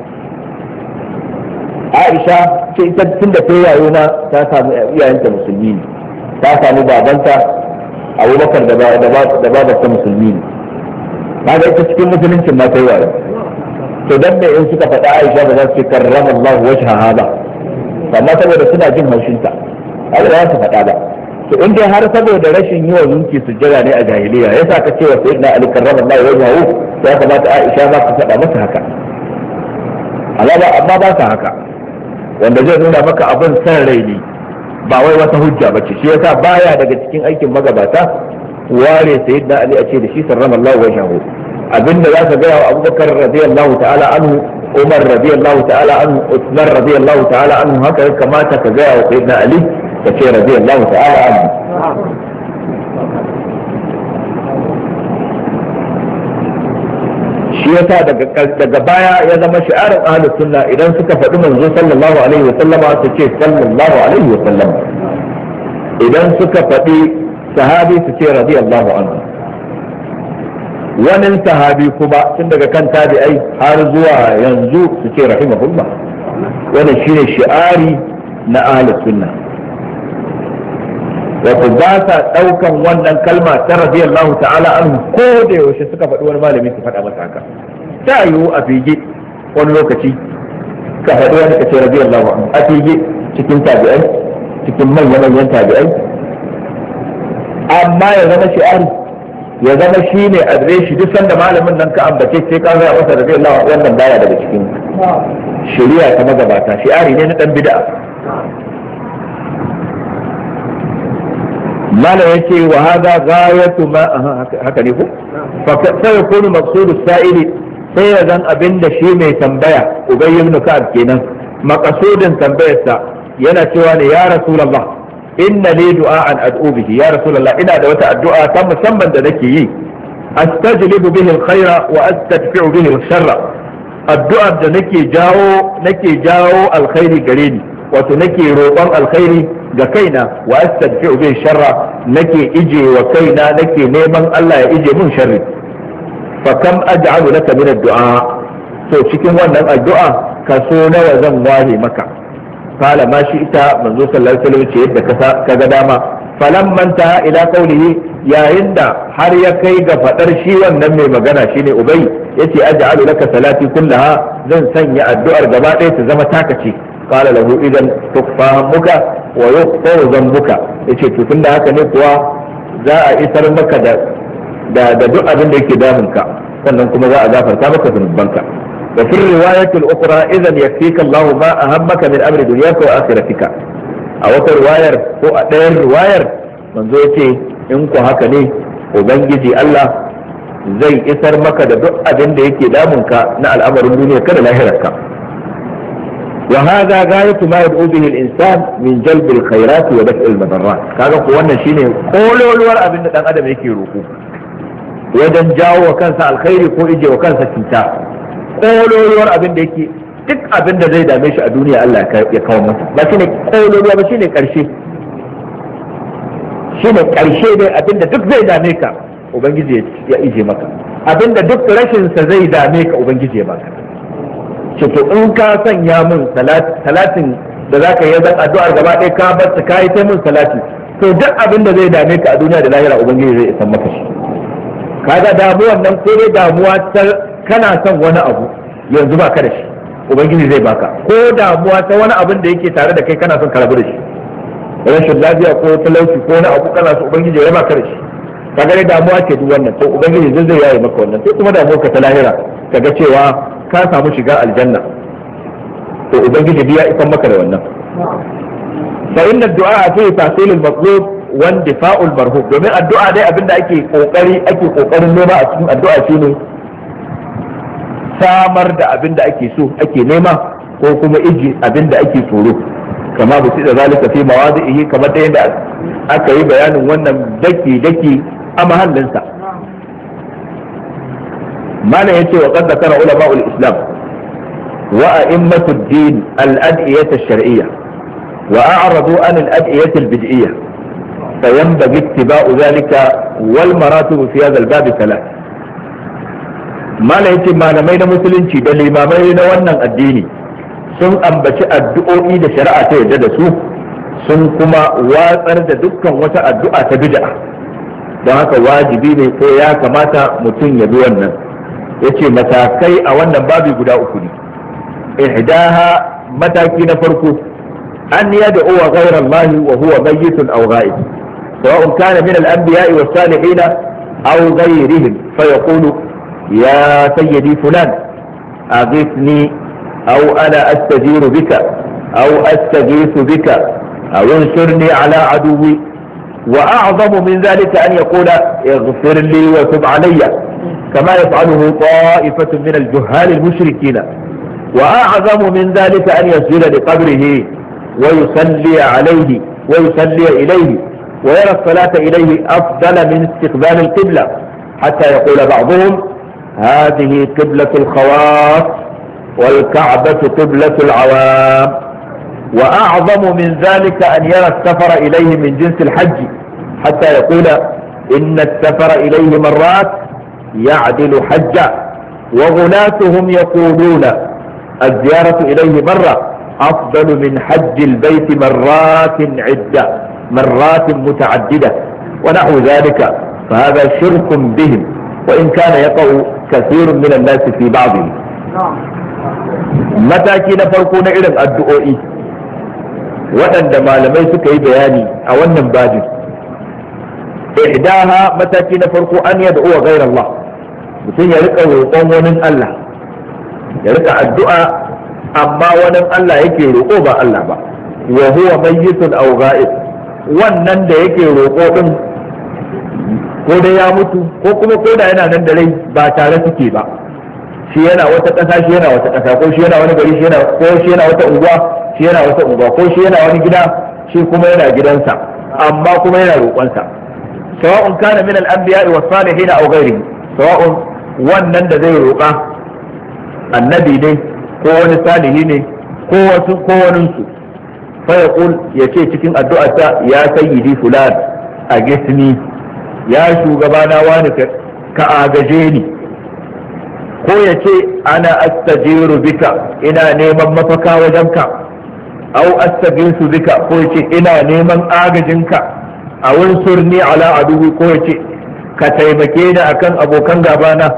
Aisha ce ita tun da ta yayo na ta samu iyayenta musulmi ne ta samu babanta Abubakar da ba babarsa musulmi ne kaga ita cikin musuluncin ma ta yi wayo to dan da in suka faɗa Aisha ba za su ce karrama Allah wajhaha ba amma saboda suna jin haushinta ta da su faɗa ba to in dai har saboda rashin yi wa su jira ne a jahiliya yasa ka ce wa sayyidina ali karramallahu wajhahu ya kamata aisha ba ka faɗa masa haka ba amma ba sa haka wanda zai nuna maka abin san rai ne ba wai wata hujja ba ce shi yasa baya daga cikin aikin magabata ware sayyidina ali a ce da shi sarramallahu wajhahu Abin da za ka gaya wa abubakar radiyallahu ta'ala anhu umar radiyallahu ta'ala anhu usman radiyallahu ta'ala anhu haka ya kamata ka gaya wa sayyidina ali da ce radiyallahu ta'ala anhu shi yasa daga baya ya zama shi'arin ahlus sunna idan suka faɗi manzo sallallahu alaihi wa sallama su ce sallallahu alaihi wa sallama idan suka faɗi sahabi su ce radiyallahu anhu wani sahabi kuma tun daga kan tabi'ai har zuwa yanzu su ce rahimahullah wannan shine shi'ari na ahlus sunna wato ba sa daukan wannan kalma ta radiyallahu ta'ala anhu ko da yaushe suka faɗi wani malami su faɗa masa haka ta yiwu a fige wani lokaci ka faɗi wani ka ce radiyallahu anhu a fige cikin tabi'ai cikin manya-manyan tabi'ai amma ya zama shi'ari ya zama shi ne shi duk sanda malamin nan ka ambace sai ka zaya masa da zai lawa wannan baya daga cikin shari'a ta magabata ari ne na dan bid'a malam yace wa hada ghayatu ma haka ne ko fa sai masu maqsudu sa'ili sai ya zan da shi mai tambaya ubay nuka a kenan maqsudin tambayarsa yana cewa ne ya rasulullah inna li du'an ad'u bihi ya rasulullah ina da wata addu'a ta musamman da nake yi astajlibu bihi alkhaira wa astadfi'u bihi alsharra addu'ar da nake jawo nake jawo alkhairi gare ni wato nake roƙon alkhairi ga kaina wa astadfi'u bihi sharra nake ije wa kaina nake neman Allah ya ije mun sharri fa kam aj'alu laka min addu'a to cikin wannan addu'a kaso nawa zan ware maka qala ma shi ita manzo sallallahu alaihi ce yadda ka ga dama falamman manta ila kauli yayin da har ya kai ga fadar shi nan mai magana shine ubai ya ce ubay yace aj'alu ka salati kullaha zan sanya addu'ar gaba ɗaya ta zama taka ce qala lahu idan tukfa hammuka wa yughfaru dhanbuka yace to tunda haka ne kuwa za a isar maka da duk abin da yake ka sannan kuma za a gafarta maka zunubanka وفي الرواية الأخرى إذا يكفيك الله ما أهمك من أمر دنياك وآخرتك أو رواية هو أدير رواية من زوجتي إنكو هكني وبنجي الله zai isar maka da duk abinda yake damunka na al'amarin duniya kada lahirarka wa hadha ghayatu ma yad'u bihi al-insan min jalb al-khairat wa daf' al kaga ko shine kololuwar abin da dan adam yake roko wajen jawo wa kansa alkhairi ko ije wa kansa cuta kololuwar abin da yake duk abin da zai dame shi a duniya Allah ya kawo masa ba shine kololuwa ba shine karshe shine karshe dai abin da duk zai dame ka ubangiji ya ije maka abin da duk rashin sa zai dame ka ubangiji ya baka shi to in ka sanya min salatin da zaka yi zan addu'ar gaba ɗaya ka bar ta kai ta min salati to duk abin da zai dame ka a duniya da lahira ubangiji zai isa maka shi kaga damuwan nan ko dai damuwa ta kana son wani abu yanzu ka da shi ubangiji zai baka ko damuwa ta wani abin da yake tare da kai kana son karabu da shi rashin lafiya ko talauci ko wani abu kana son ubangiji ya baka da shi Ka dai damuwa ce duk wannan to ubangiji zai zai yayi maka wannan sai kuma damuwa ka ta lahira ka ga cewa ka samu shiga aljanna to ubangiji biya ikon maka da wannan fa inna du'a fi tahsilil maqlub wan difa'ul marhub domin addu'a dai abinda ake kokari ake kokarin noma a cikin addu'a shine samar da abin da ake so ake nema ko kuma iji abin da ake tsoro kama su da zalika fi mawadihi kamar da yadda aka yi bayanin wannan daki daki a mahallinsa mana ce wa qad zakara ulama al-islam wa a'immatu ad-din al-ad'iyah ash wa a'radu an al-ad'iyah al-bid'iyyah zalika اتباع ذلك والمراتب في هذا الباب ثلاث mala yace malamai na musulunci da limamai na wannan addini sun ambaci addu'o'i da shari'a ta yarda da su sun kuma watsar da dukkan wata addu'a ta bid'a don haka wajibi ne ko ya kamata mutum ya bi wannan yace matakai a wannan babi guda uku ne ihdaha mataki na farko an uwa ghayra Allah wa huwa mayyitun aw ghaib sawa'un kana min al-anbiya'i was-salihin aw ghayrihim fa yaqulu يا سيدي فلان أغثني أو أنا أستجير بك أو أستغيث بك أو انشرني على عدوي وأعظم من ذلك أن يقول اغفر لي وتب علي كما يفعله طائفة من الجهال المشركين وأعظم من ذلك أن يسجد لقبره ويصلي عليه ويصلي إليه ويرى الصلاة إليه أفضل من استقبال القبلة حتى يقول بعضهم هذه قبلة الخواص والكعبة قبلة العوام وأعظم من ذلك أن يرى السفر إليه من جنس الحج حتى يقول إن السفر إليه مرات يعدل حجا وغلاتهم يقولون الزيارة إليه مرة أفضل من حج البيت مرات عدة مرات متعددة ونحو ذلك فهذا شرك بهم wa in kana yaqau kathirun min an-nas fi ba'd mataki na farko na irin addu'o'i waɗanda malamai suka yi bayani a wannan babi ihdaha mataki na farko an yad'u ghayra Allah mutum ya rika roƙon wani Allah ya rika addu'a amma wani Allah yake roƙo ba Allah ba wa huwa mayyitun aw ghaib wannan da yake roƙo din ko dai ya mutu ko kuma ko da yana nan da rai ba tare suke ba shi yana wata ƙasa shi yana wata ƙasa ko shi yana wani gari shi yana ko shi yana wata unguwa shi yana wata unguwa ko shi yana wani gida shi kuma yana gidansa amma kuma yana roƙonsa sawa'un kana min al anbiya wa salihin aw ghairi sawa'un wannan da zai roƙa annabi ne ko wani salihi ne ko wasu ko wani su fa yaqul yace cikin addu'arsa ya sayyidi fulan a gesni ya shugaba na wani ka agaje ni ko ya ce ana astajiru bika ina neman mafaka wajen ka. au astaginsu bika ko ya ce ina neman agajinka a surni ala aduhu ko ya ce ka taimake ni akan abokan gabana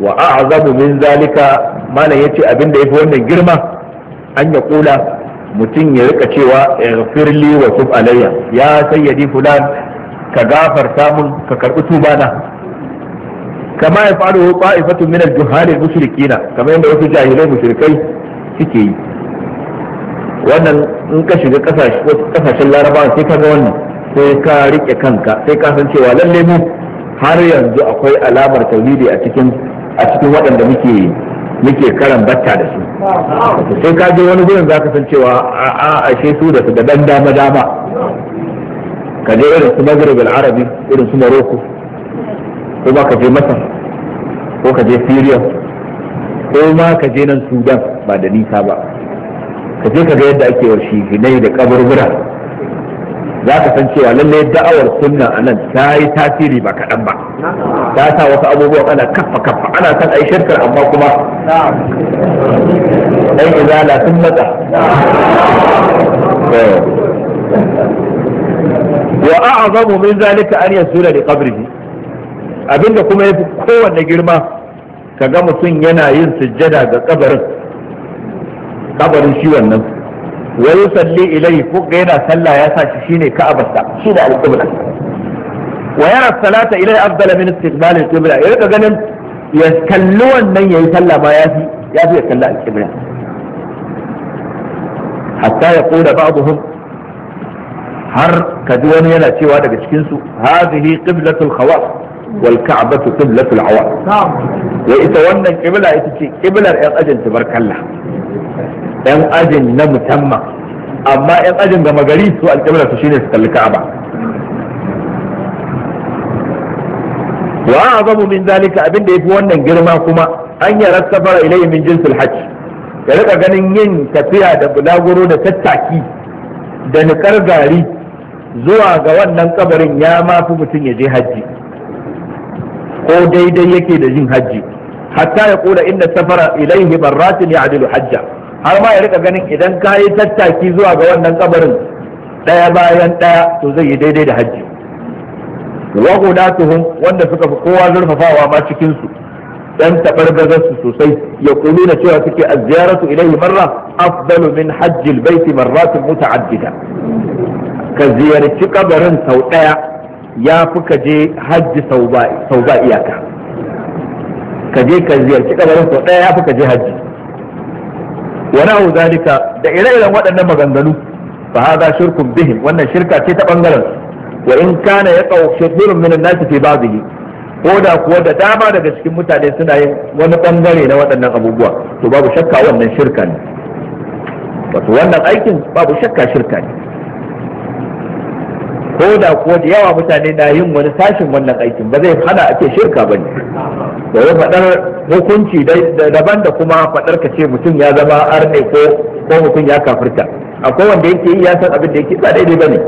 wa a'zabu min zalika malam yace abinda yafi wannan girma an ya kula mutum ya rika cewa ighfirli wa tub alayya ya sayyidi fulan ka gafarta mun ka karbi tuba na kama ya faru ta'ifatu min al-juhal mushrikina kamar yadda wasu jahilai mushrikai suke yi wannan in ka shiga kasashen larabawa sai ka ga wannan sai ka rike kanka sai ka san cewa lalle mu har yanzu akwai alamar tauhidi a cikin a cikin waɗanda muke muke karan batta da su sai ka je wani gurin zaka san cewa a a ashe su da su da dan dama dama ka je irin su maghrib arabi irin su morocco ko ba ka je masar ko ka je syria ko ma ka je nan sudan ba da nisa ba ka je ka ga yadda ake war shinai da kaburbura za ka san cewa lallai da'awar sunna a nan ta yi tasiri ba kaɗan ba ta sa wasu abubuwan ana kafa-kafa, ana san ai shirkar amma kuma ɗan izala sun matsa wa a'zamu min zalika an yasula li qabrihi abinda kuma yafi kowanne girma kaga mutum yana yin sujjada ga kabarin kabarin shi wannan wa yusalli ilayhi ko ga yana sallah ya sa shi shine ka'abarsa shine al-qibla wa yara salata ilayhi afdala min istiqbal al-qibla ya rika ganin ya kalli wannan yayi sallah ba ya fi ya kalli al-qibla hatta yaqula ba'dhum har kaji wani yana cewa daga cikin su hadhihi qiblatul khawas wal ka'batu qiblatul awam ya ita wannan qibla ita ce qiblar yan ajin tabarkalla yan ajin na musamman amma yan ajin gama gari su alqibla su shine su kalli ka'aba wa azamu min zalika abinda yafi wannan girma kuma an yara safara ilayhi min jinsil hajj ya rika ganin yin tafiya da bulaguro da tattaki da niƙar gari zuwa ga wannan kabarin ya mafi mutum ya je hajji ko daidai yake da yin hajji hatta ya kula inda safara ilaihi barratin ya adilu hajja har ma ya rika ganin idan ka yi tattaki zuwa ga wannan kabarin daya bayan daya to zai yi daidai da hajji wa gudatuhum wanda suka fi kowa zurfafawa ma cikin su dan tabarbaza su sosai ya kulu na cewa suke ziyaratu ilaihi marra afdalu min hajjil baiti marratin muta'addida ka ziyarci kabarin sau ɗaya ya fi ka je hajji sau ba iyaka ka je ka ziyarci kabarin sau ɗaya ya fi ka je hajji wani abu zalika da ire-iren waɗannan maganganu ba haza shirkun bihin wannan shirka ce ta ɓangaren wa in kana ya tsawo shirkun min nasi fi bazihi ko da kuwa da dama daga cikin mutane suna yin wani ɓangare na waɗannan abubuwa to babu shakka wannan shirka ne wato wannan aikin babu shakka shirka ne ko da kuwa da yawa mutane na yin wani sashin wannan aikin ba zai hana ake shirka ba ne da ya faɗar hukunci daban da kuma faɗar ka ce mutum ya zama arne ko ko mutum ya kafirta akwai wanda yake yi ya san abin da yake ba daidai ba ne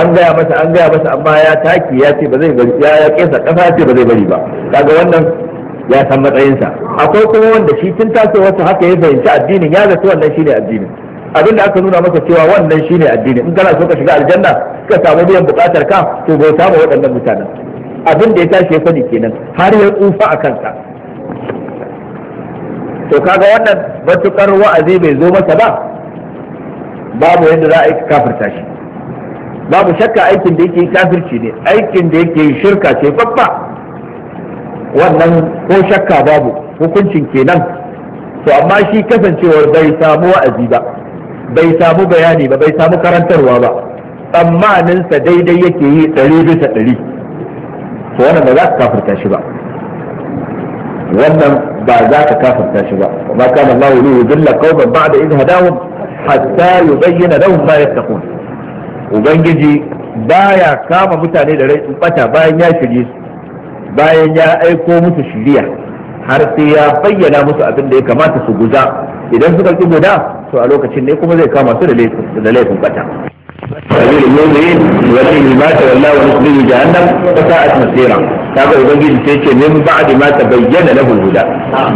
an gaya masa an gaya masa amma ya taki ya ce ba zai bari ya ya kesa kasa ya ce ba zai bari ba kaga wannan ya san matsayinsa akwai kuma wanda shi tun wasu haka ya fahimci addinin ya zato wannan shine addinin abin da aka nuna masa cewa wannan shine addini in kana so ka shiga aljanna ka samu biyan bukatar ka to bauta ma waɗannan mutanen abin da ya tashi ya sani kenan har ya tsufa a kansa to kaga wannan matukar wa'azi bai zo masa ba babu yadda za a yi kafirta shi babu shakka aikin da yake kafirci ne aikin da yake shirka ce babba wannan ko shakka babu hukuncin kenan to amma shi kasancewar bai samu wa'azi ba bai samu bayani ba bai samu karantarwa ba tsammaninsa daidai yake yi ɗari bisa ɗari to wannan ba za ka kafirta shi ba wannan ba za ka kafirta shi ba ma kana Allah li yudilla qauman ba'da idh hadahum hatta yubayyana lahum ma yattaqun ubangiji baya kama mutane da rai bata bayan ya shirye su bayan ya aiko musu shiriya har sai ya bayyana musu abin da ya kamata su guza idan suka ki guda to a lokacin ne kuma zai kama su da laifin bata sabil mu'min wal mata walla wa nusbihi jahannam ta sa'at masira kaga ubangiji sai ce min ba'di ma tabayyana lahu huda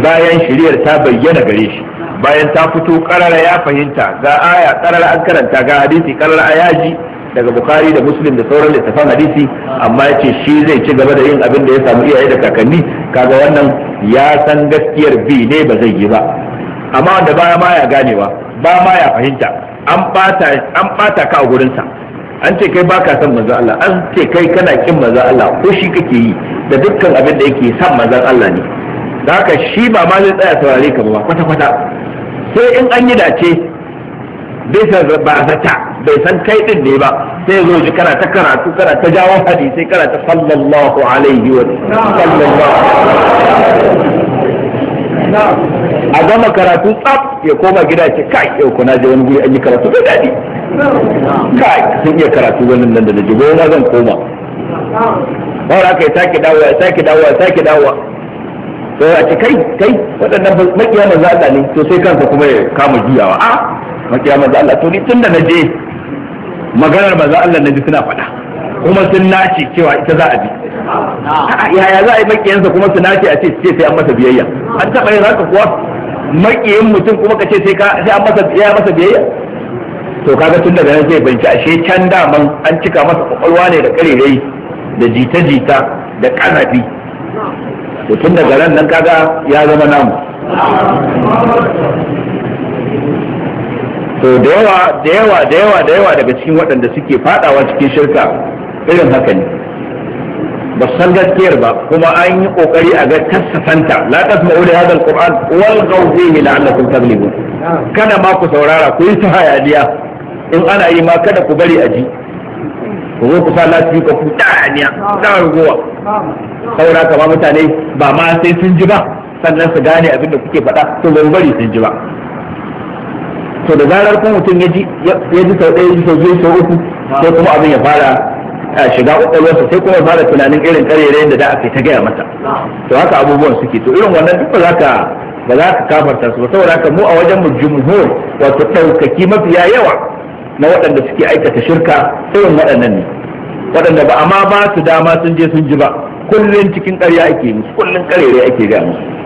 bayan shiriyar ta bayyana gare shi bayan ta fito karara ya fahimta ga aya karara an karanta ga hadisi karara ayaji daga bukhari da muslim da sauran littafan hadisi amma ya ce shi zai ci gaba da yin abin da ya samu iyaye da kakanni kaga wannan ya san gaskiyar bi ne ba zai yi ba amma wanda baya ma ya ganewa ba ma ya fahimta an bata ka a gurinsa an ce kai baka son manzon Allah an ce kai kana kin manzon Allah ko shi kake yi da dukkan abin da yake son manzon Allah ne da haka shi ba ma zai tsaya saurare ka ba kwata kwata sai in an yi dace bai san ba zata bai san kai din ne ba sai zo ji kana ta karatu kana ta jawo hadisi kana ta sallallahu alaihi wa sallallahu a gama karatu tsaf ya koma gida ce kai yau ko na je wani guri an yi karatu da daɗi kai sun iya karatu wannan nan da na je gobe na zan koma bawar aka yi sake dawowa ya sake dawowa ya sake dawowa To a ce kai kai waɗannan makiya manzo Allah ne to sai kansa kuma ya kama juyawa a ah, makiya manzo Allah to ni tun na je maganar manzo Allah na ji suna faɗa kuma sun nace cewa ita za a bi ah, yaya za a yi makiyansa kuma su nace a ce sai an masa biyayya an taɓa yin haka kuwa makiyin mutum kuma ka ce sai ka sai an masa ya masa biyayya to kaga tun daga nan zai binci ashe can daman an cika masa kwakwalwa ne da karerai da jita-jita da kanafi to tun daga nan nan kaga ya zama namu to da yawa da yawa da yawa da yawa daga cikin waɗanda suke fadawa cikin shirka irin haka ne ba san gaskiyar ba kuma an yi kokari a ga tasafanta la tasma'u li hadha alquran wal ghawfihi la'allakum taglibun kada ma ku saurara ku yi ta hayaniya in ana yi ma kada ku bari a ji ku zo ku sa lati ka ku ta hayaniya ta rugowa saura kama mutane ba ma sai sun ji ba sannan su gane abin da kuke faɗa to ba bari sun ji ba to da zarar kun mutum ya ji ya ji sau ɗaya ya ji sau biyu sau uku sai kuma abin ya fara A shiga ƙwaƙwalwarsa sai kuma fara tunanin irin karerayen da da aka ta gaya mata, to haka abubuwan suke to irin wannan duk ba za ka kafarta su ba saboda haka mu a wajen mu jumhur wato ɗaukaki mafiya yawa na waɗanda suke aikata shirka irin waɗannan ne waɗanda ba amma ba su dama sun je sun ji ba kullum cikin karya ake musu kullum ƙarere ake gaya musu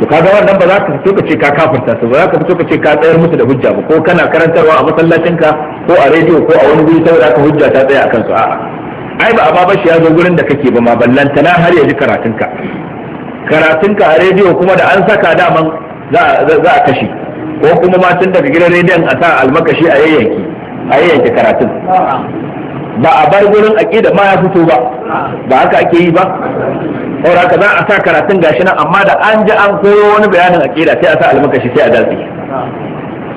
to kaga wannan ba za ka fito ka ce ka kafirta su ba za ka fito ka ce ka tsayar musu da hujja ba ko kana karantarwa a masallacinka ko a rediyo ko a wani guri saboda ka hujja ta tsaya akan su a'a ai ba a ba shi ya zo gurin da kake ba ma ballanta na har ya ji karatunka karatunka a rediyo kuma da an saka daman za a kashe ko kuma ma tun daga gidan rediyon a sa almakashi a yayyanki a yayyanki karatun ba a bar gurin aƙida ma ya fito ba ba haka ake yi ba aura ka za a sa karatun gashi nan amma da an ji an koyo wani bayanin aqida sai a sa almakashi sai a dalbi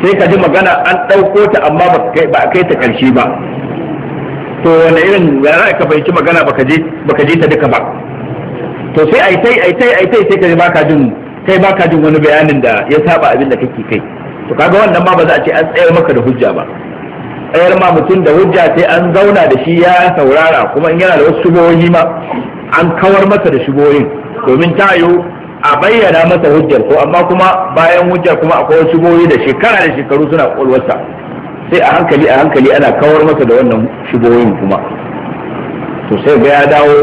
sai ka ji magana an ɗauko ta amma ba a kai ta ƙarshe ba to wani irin ya ka fahimci magana baka je ta duka ba to sai ai tai ai tai ai tai sai ka ji baka jin kai baka jin wani bayanin da ya saba abin da kake kai to kaga wannan ma ba za a ce an tsayar maka da hujja ba tsayar ma mutum da hujja sai an zauna da shi ya saurara kuma in yana da wasu shubohi ma an kawar masa da shigoyin domin ta yiwu a bayyana masa hujjar ko amma kuma bayan hujjar kuma akwai wasu shigoyi da shekara da shekaru suna kwalwarsa sai a hankali a hankali ana kawar masa da wannan shigoyin kuma to sai ga ya dawo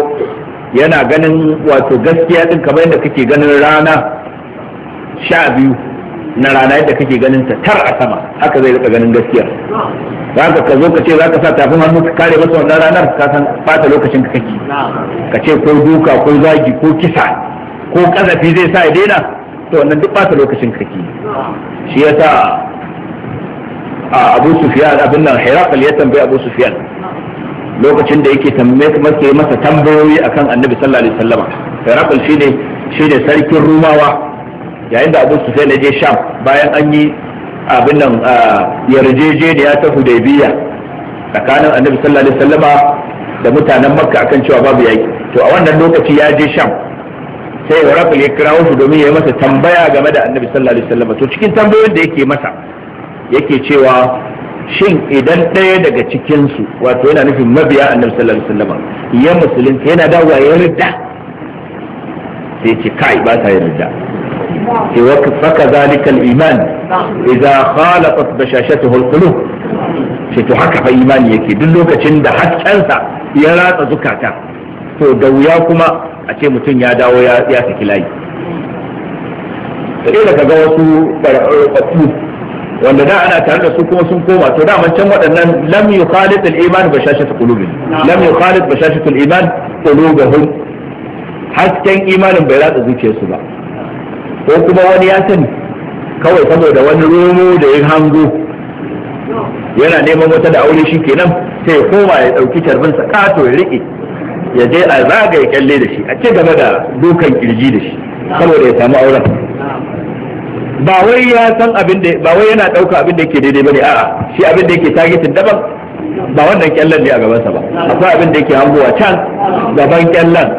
yana ganin wato gaskiya din kamar yadda kake ganin rana sha biyu na rana yadda kake ganin ta tar a sama haka zai rika ganin gaskiya zaka ka zo ka ce zaka sa tafin hannu ka kare masa wannan ranar ka san bata lokacin ka kake ka ce ko duka ko zagi ko kisa ko kazafi zai sa ya daina to wannan duk bata lokacin ka kake shi yasa a Abu Sufyan abin nan Hiraqal ya tambaye Abu Sufyan lokacin da yake tambaye masa tambayoyi akan Annabi sallallahu alaihi wasallam Hiraqal shine shine sarkin Rumawa yayin da Abu Sufyan ya je Sham bayan an yi abin nan yarjejeniya ta hudaybiya tsakanin annabi sallallahu alaihi wasallama da mutanen makka akan cewa babu yaki to a wannan lokaci ya je sham sai warafil ya kira shi domin ya yi masa tambaya game da annabi sallallahu alaihi wasallama to cikin tambayoyin da yake masa yake cewa shin idan ɗaya daga cikinsu wato yana nufin mabiya annabi sallallahu alaihi wasallama ya musulunta yana dawowa ya ridda sai ce kai ba sa yarda فكذلك الإيمان إذا خالطت بشاشته القلوب to haka fa imani yake duk lokacin da haskensa ya ratsa zukata to da wuya kuma a ce mutum ya dawo ya saki layi sai kaga wasu wanda da ana tare da su kuma sun koma to daman can waɗannan lam yukhalit al-iman bashashat qulubihim lam yukhalit bashashat al-iman qulubuhum hasken imanin bai ratsa zuciyarsu ba ko kuma wani ya sani kawai saboda wani romo da ya hango yana neman wata da aure shi kenan sai ya koma ya ɗauki tarbinsa, kato ya riƙe ya je a ya kyalle da shi a ce game da dukan kirji da shi saboda ya samu auren ba wai ya san abin da ba wai yana ɗauka abin da yake daidai bane a'a shi abin da yake targetin daban ba wannan kyallen ne a gabansa ba akwai abin da yake hangowa can gaban kyallen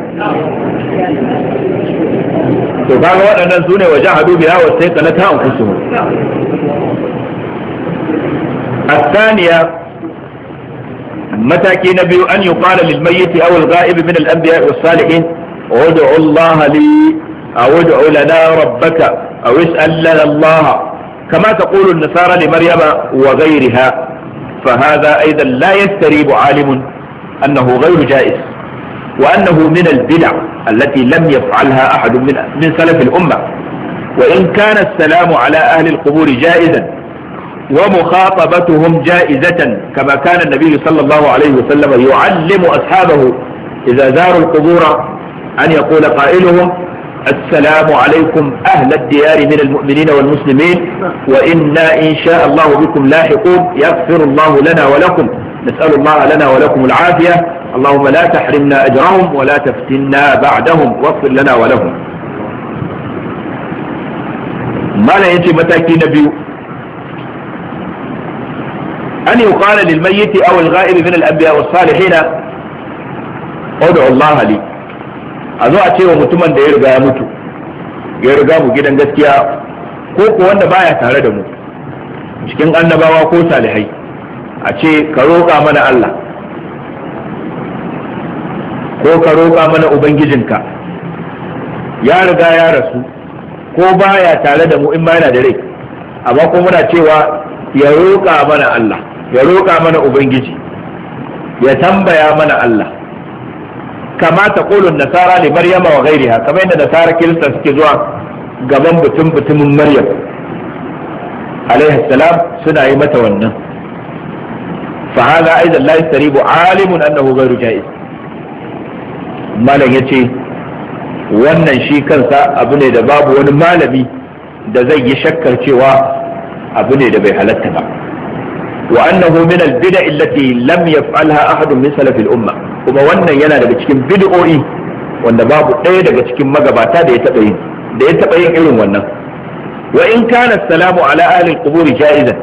to kaga waɗannan su ne wa jahadu biha wa sai kana ta anfusu الثانية متى كين بيو أن يقال للميت أو الغائب من الأنبياء والصالحين ادعوا الله لي أو ادع لنا ربك أو اسأل لنا الله كما تقول النصارى لمريم وغيرها فهذا أيضا لا يستريب عالم أنه غير جائز وأنه من البدع التي لم يفعلها أحد من, من سلف الأمة وإن كان السلام على أهل القبور جائزا ومخاطبتهم جائزة كما كان النبي صلى الله عليه وسلم يعلم أصحابه إذا زاروا القبور أن يقول قائلهم السلام عليكم أهل الديار من المؤمنين والمسلمين وإنا إن شاء الله بكم لاحقون يغفر الله لنا ولكم نسأل الله لنا ولكم العافية اللهم لا تحرمنا أجرهم ولا تفتنا بعدهم واغفر لنا ولهم ما لا يجي متاكي نبي أن يقال للميت أو الغائب من الأنبياء والصالحين ادعوا الله لي أزوء أتيه متمن da ya riga ya mutu ya riga mu gidan gaskiya ko ko wanda baya tare da mu cikin annabawa ko salihai a ce ka roƙa mana Allah ko ka roƙa mana ubangijinka ya riga ya rasu ko baya tare da mu in ma yana da rai amma ko muna cewa ya roƙa mana Allah ya roƙa mana ubangiji ya tambaya mana Allah kama ta kolon nasara ne maryama wa gairiha kamar yadda nasara kirista suke zuwa gaban butun butumin maryam alaihi salam suna yi mata wannan fa hada aidan la yastaribu alimun annahu ghairu jaiz malam ya ce wannan shi kansa abu ne da babu wani malami da zai yi shakkar cewa abu ne da bai halatta ba wa annahu min al-bid'a allati lam yaf'alha ahadun min salaf al-umma kuma wannan yana daga cikin bid'o'i wanda babu ɗaya daga cikin magabata da ya taɓa yin da ya yin irin wannan wa in kana salamu ala ahli al ja'izan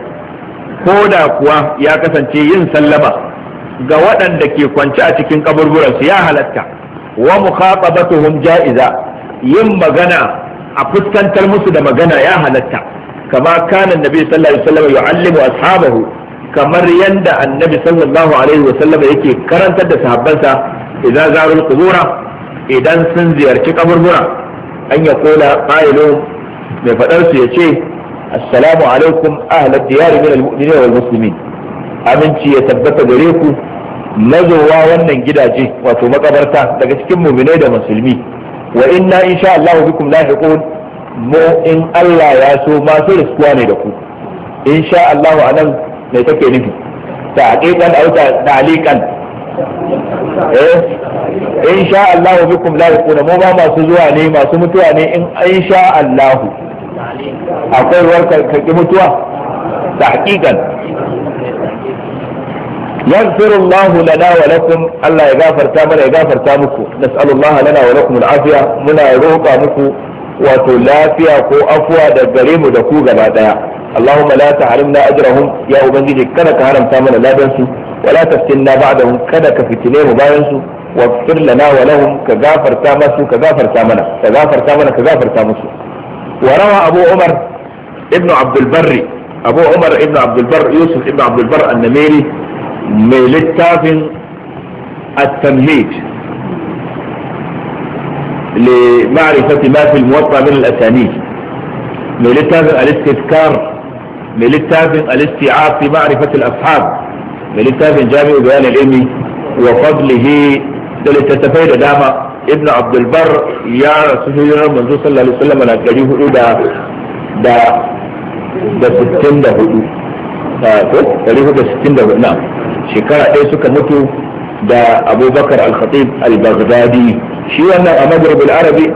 ko da kuwa ya kasance yin sallama ga waɗanda ke kwance a cikin kaburburansu ya halatta wa mukhatabatuhum ja'iza yin magana a fuskantar musu da magana ya halatta kama kana annabi sallallahu alaihi wasallam yu'allimu ashabahu kamar yanda annabi sallallahu alaihi wasallam yake karantar da sahabbansa idan zarul qubura idan sun ziyarci kaburbura an ya kola qailun mai fadar su yace assalamu alaikum ahlad diyar min almu'minin wal muslimin aminci ya tabbata gare ku mazowa wannan gidaje wato makabarta daga cikin muminai da musulmi wa inna insha Allah bikum lahiqun mu in Allah ya so masu riskuwa ne da ku insha Allah anan me take nufi taqiqan aw ta'liqan eh insha Allah bikum lahiqun mu ba masu zuwa ne masu mutuwa ne in insha Allah akwai warkar mutuwa tahqiqan yaghfirullahu lana wa Allah ya gafarta mana ya gafarta muku nas'alullaha lana wa lakum al'afiya muna roƙa muku wato lafiya ko afuwa da gare mu da ku gaba daya Allahumma la tahrimna ajrahum ya ubangiji kada ka haramta mana ladan su wala taftinna ba'dahum kada ka fitine mu bayan su واغفر لنا ولهم كغافر تامسو كغافر تامنا كغافر تامنا كغافر تامسو وروى أبو عمر ابن عبد البر أبو عمر ابن عبد البر يوسف ابن mai littafin التمهيد لمعرفة ما في الموطأ من الأسانيد من للتافن الاستذكار من للتافن الاستيعاب في معرفة الأصحاب من للتافن جامع بيان العلم وفضله للتتفيد داما ابن عبد البر يا رسول الله منذ صلى الله عليه وسلم أنا كريه دا دا دا ستين دا هدو كريه دا ستين دا نعم shekara ɗaya suka mutu da abubakar al-khatib al-baghdadi shi wannan a maghrib arabi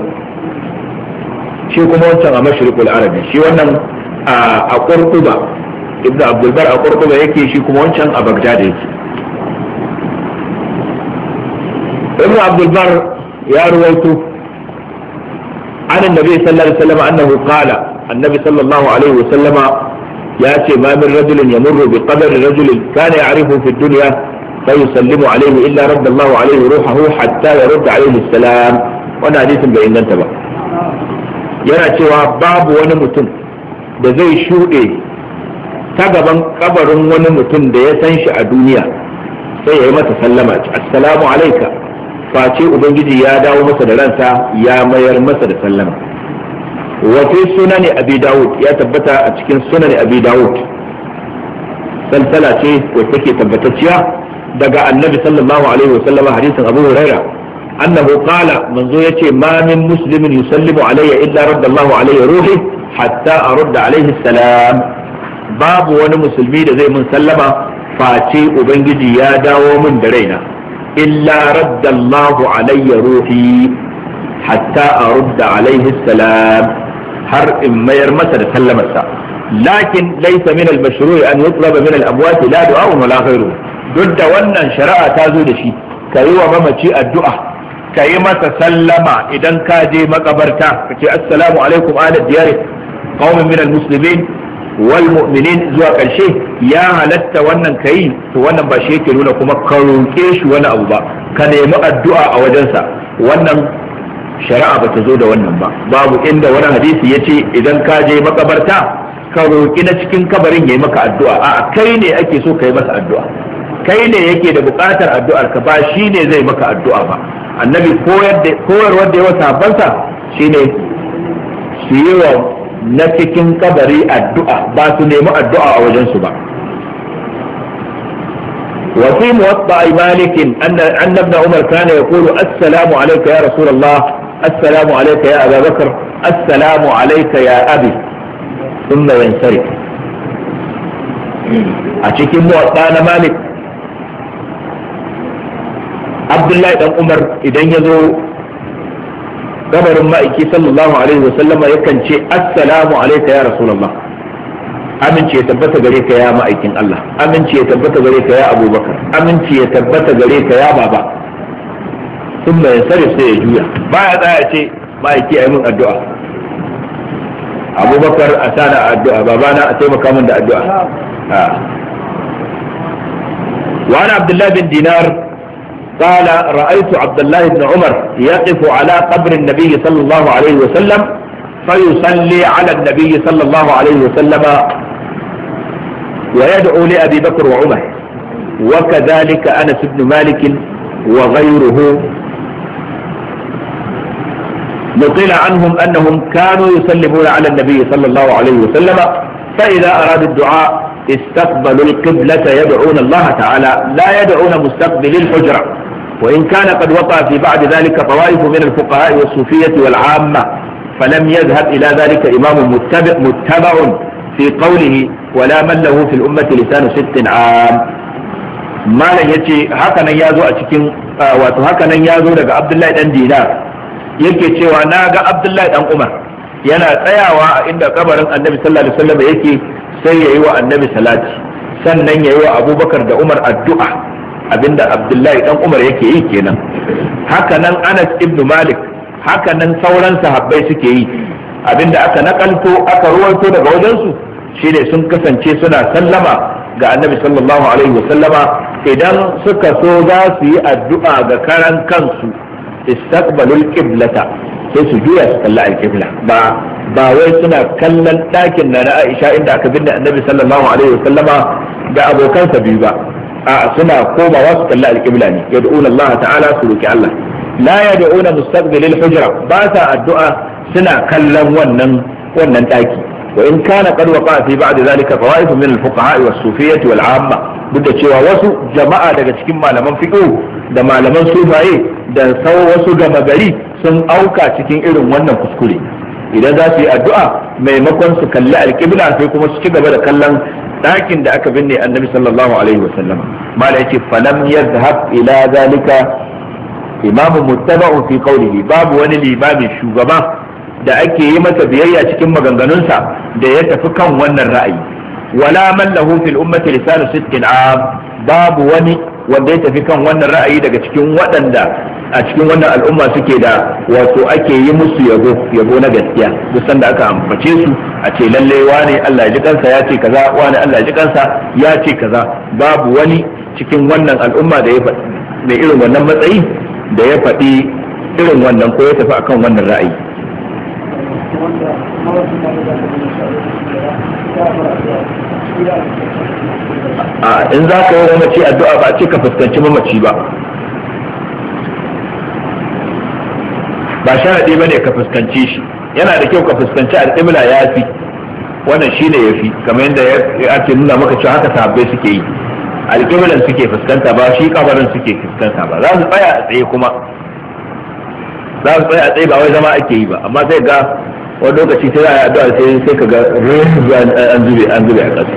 shi kuma wancan a mashriq arabi shi wannan a qurtuba ibnu abdul bar a qurtuba yake shi kuma wancan a baghdad yake ibnu abdul bar ya ruwaito an annabi sallallahu alaihi wasallam annahu qala annabi sallallahu alaihi wasallama ya ce ma min rajulin yamurru bi qadari rajulin kana ya'rifu fi dunya fa yusallimu alayhi illa radda Allahu alayhi ruhahu hatta yarudda alayhi salam wannan hadisin bai inganta ba yana cewa babu wani mutum da zai shuɗe ta gaban kabarin wani mutum da ya san shi a duniya sai ya yi masa sallama assalamu alaika face ubangiji ya dawo masa da ransa ya mayar masa da sallama wa fi sunani abi ya tabbata a cikin sunan abi dawud salsala ce wacce take tabbatacciya daga annabi sallallahu alaihi wa sallama hadisin abu huraira annahu qala manzo yace ma min muslimin yusallimu alayya illa radda Allahu alayhi ruhi hatta arudda alayhi salam babu wani musulmi da zai mun sallama face ubangiji ya dawo min da raina ila radda Allahu ruhi hatta har in mayar masa da sallamarsa lakin laysa min al-mashru' an yutlaba min al-amwat la du'a wala ghayru duk da wannan shari'a ta zo da shi yi wa mamaci addu'a yi masa sallama idan ka je makabarta kace assalamu alaikum ala diyari qaumin min al-muslimin wal mu'minin zuwa karshe ya halatta wannan kai to wannan ba shi yake nuna kuma ka roke shi wani abu ba ka nemi addu'a a wajensa wannan shari'a ba ta zo da wannan ba babu inda wani hadisi ya ce idan ka je makabarta ka roƙi na cikin kabarin ya yi maka addu'a a kai ne ake so ka yi masa addu'a kai ne yake da buƙatar addu'ar ka ba shi ne zai maka addu'a ba annabi koyarwar da yawa sabansa shi ne su yi wa na cikin kabari addu'a ba su nemi addu'a a wajensu ba وفي موطأ مالك أن أن ابن عمر كان يقول السلام عليك يا رسول الله assalamu alayka ya abubakar assalamu alayka ya abi thumma yansarif a cikin muwadda na malik abdullahi dan umar idan ya zo gabarin ma'aiki sallallahu alaihi wa sallama yakan ce assalamu alayka ya rasulullah ya tabbata gare ka ya ma'aikin Allah Aminci ya tabbata gare ka ya abubakar Aminci ya tabbata gare ka ya baba sun bayan sarif sai ya juya baya tsaya ce ma'aiki a yi min addu'a abubakar a sana addu'a babana a taimaka min da addu'a وعن عبد الله بن دينار قال رأيت عبد الله بن عمر يقف على قبر النبي صلى الله عليه وسلم فيصلي على النبي صلى الله عليه وسلم ويدعو لأبي بكر وعمر وكذلك أنس بن مالك وغيره نقل عنهم أنهم كانوا يسلمون على النبي صلى الله عليه وسلم فإذا أرادوا الدعاء استقبلوا القبلة يدعون الله تعالى لا يدعون مستقبل الحجرة وإن كان قد وقع في بعد ذلك طوائف من الفقهاء والصوفية والعامة فلم يذهب إلى ذلك إمام متبع, متبع في قوله ولا من له في الأمة لسان ست عام ما ya ce هكذا ya zo a cikin wato hakanan ya zo daga yake cewa na ga abdullahi dan umar yana tsayawa a inda kabarin annabi sallallahu alaihi wasallam yake sai ya yi wa annabi salati sannan ya yi wa abubakar da umar addu'a abinda abdullahi dan umar yake yi kenan haka nan anas ibnu malik haka nan sauran sahabbai suke yi abinda aka nakalto aka ruwaito daga wajensu shine sun kasance suna sallama ga annabi sallallahu alaihi wasallama idan suka so za su yi addu'a ga karan kansu istaqbalul qiblata sai su juya su kalli alqibla ba ba wai suna kallon ɗakin na Aisha inda aka binne Annabi sallallahu alaihi wasallama da abokansa biyu ba a suna komawa su kalli qibla ne yad'una Allah ta'ala su roki Allah la yad'una mustaqbilil hujra ba sa addu'a suna kallon wannan wannan ɗaki wa in kana qad waqa'a fi ba'd dhalika fawa'if min al-fuqaha wa as-sufiyyah wal 'amma duk da cewa wasu jama'a daga cikin malaman fiƙo da malaman sufaye da sau wasu gama gari sun auka cikin irin wannan kuskure idan za su yi addu'a maimakon su kalli alƙibla sai kuma su ci gaba da kallon ɗakin da aka binne annabi sallallahu alaihi wa sallama mala yace falam yadhhab ila zalika imam muttaba'un fi qawlihi babu wani limamin shugaba da ake yi masa biyayya cikin maganganunsa da ya tafi kan wannan ra'ayi wala man lahu fil ummati lisanu sidqin am babu wani wanda ya tafi kan wannan ra'ayi daga cikin waɗanda a cikin wannan al'umma suke da wato ake yi musu yabo yabo na gaskiya duk sanda aka ambace su a ce lalle wane Allah ya ji kansa ya ce kaza wane Allah ya ji kansa ya ce kaza babu wani cikin wannan al'umma da ya mai irin wannan matsayi da ya faɗi irin wannan ko ya tafi akan wannan ra'ayi in za ka yi mamaci addu'a ba a ce ka fuskanci mamaci ba ba sharaɗi ba ne ka fuskanci shi yana da kyau ka fuskanci al'imla ya fi wannan shi ne ya fi kamar yadda ya ake nuna maka cewa haka sahabbai suke yi alƙiblan suke fuskanta ba shi kabarin suke fuskanta ba za su tsaya a tsaye kuma za su tsaya a tsaye ba wai zama ake yi ba amma zai ga wani lokaci sai za a yi addu'a sai sai ka ga an zube an zube a ƙasa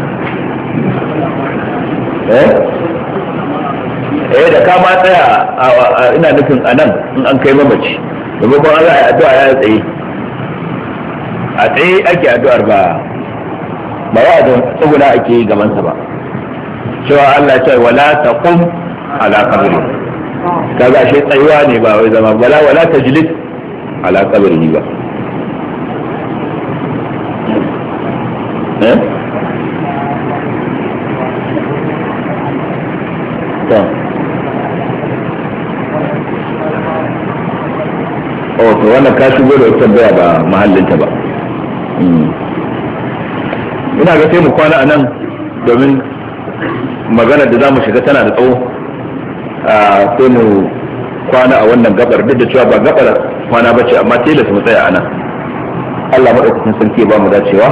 eh, eh da ka ma tsaya ina nufin anan in an kai mamaci domin ba za a yi addu'a ya tsaye a tsaye ake addu'ar ba ba wa da tsuguna ake yi sa ba cewa Allah ya ce wala taqum ala qabri kaga shi tsayuwa ne ba wai zama wala wala tajlis ala qabri ba wannan ka shigo da wata baya ba mahallinta ba hmm. ina ga sai mu kwana a nan domin magana da za mu shiga tana da tsawo ah, sai mu kwana a wannan gabar duk da cewa ba gabar kwana ba ce amma tilas mu tsaya a nan allah maɗaukakin sarki ba mu dacewa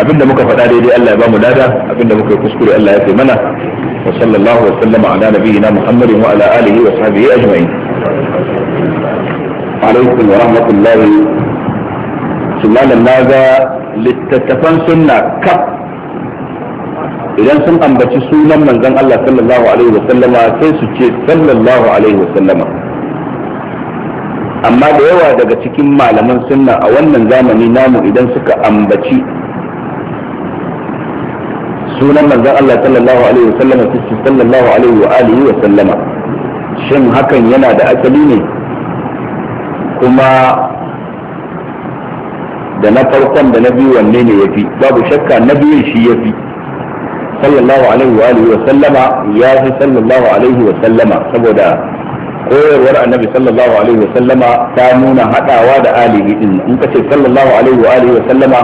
abinda muka faɗa daidai allah ya ba mu dada abinda muka yi kuskure allah ya fi mana wa sallallahu wa sallama ala nabiyyina muhammadin wa ala alihi wa sahbihi ajma'in alaikum wa rahmatullahi su na ga littattafan sunna kaf idan sun ambaci sunan manzon Allah sallallahu alaihi wa sallama sai su ce sallallahu alaihi wa sallama amma da yawa daga cikin malaman sunna a wannan zamani namu idan suka ambaci sunan manzon Allah sallallahu alaihi wa sallama sai sallallahu alaihi wa alihi wa sallama shin hakan yana da asali ne kuma da na farkon da na biyu wanne ne ya fi babu shakka na biyun shi ya fi sallallahu alaihi wa alihi wa sallama ya fi sallallahu alaihi wa sallama saboda koyarwar annabi sallallahu alaihi wa sallama ta nuna hadawa da alihi din in ka ce sallallahu alaihi wa alihi wa sallama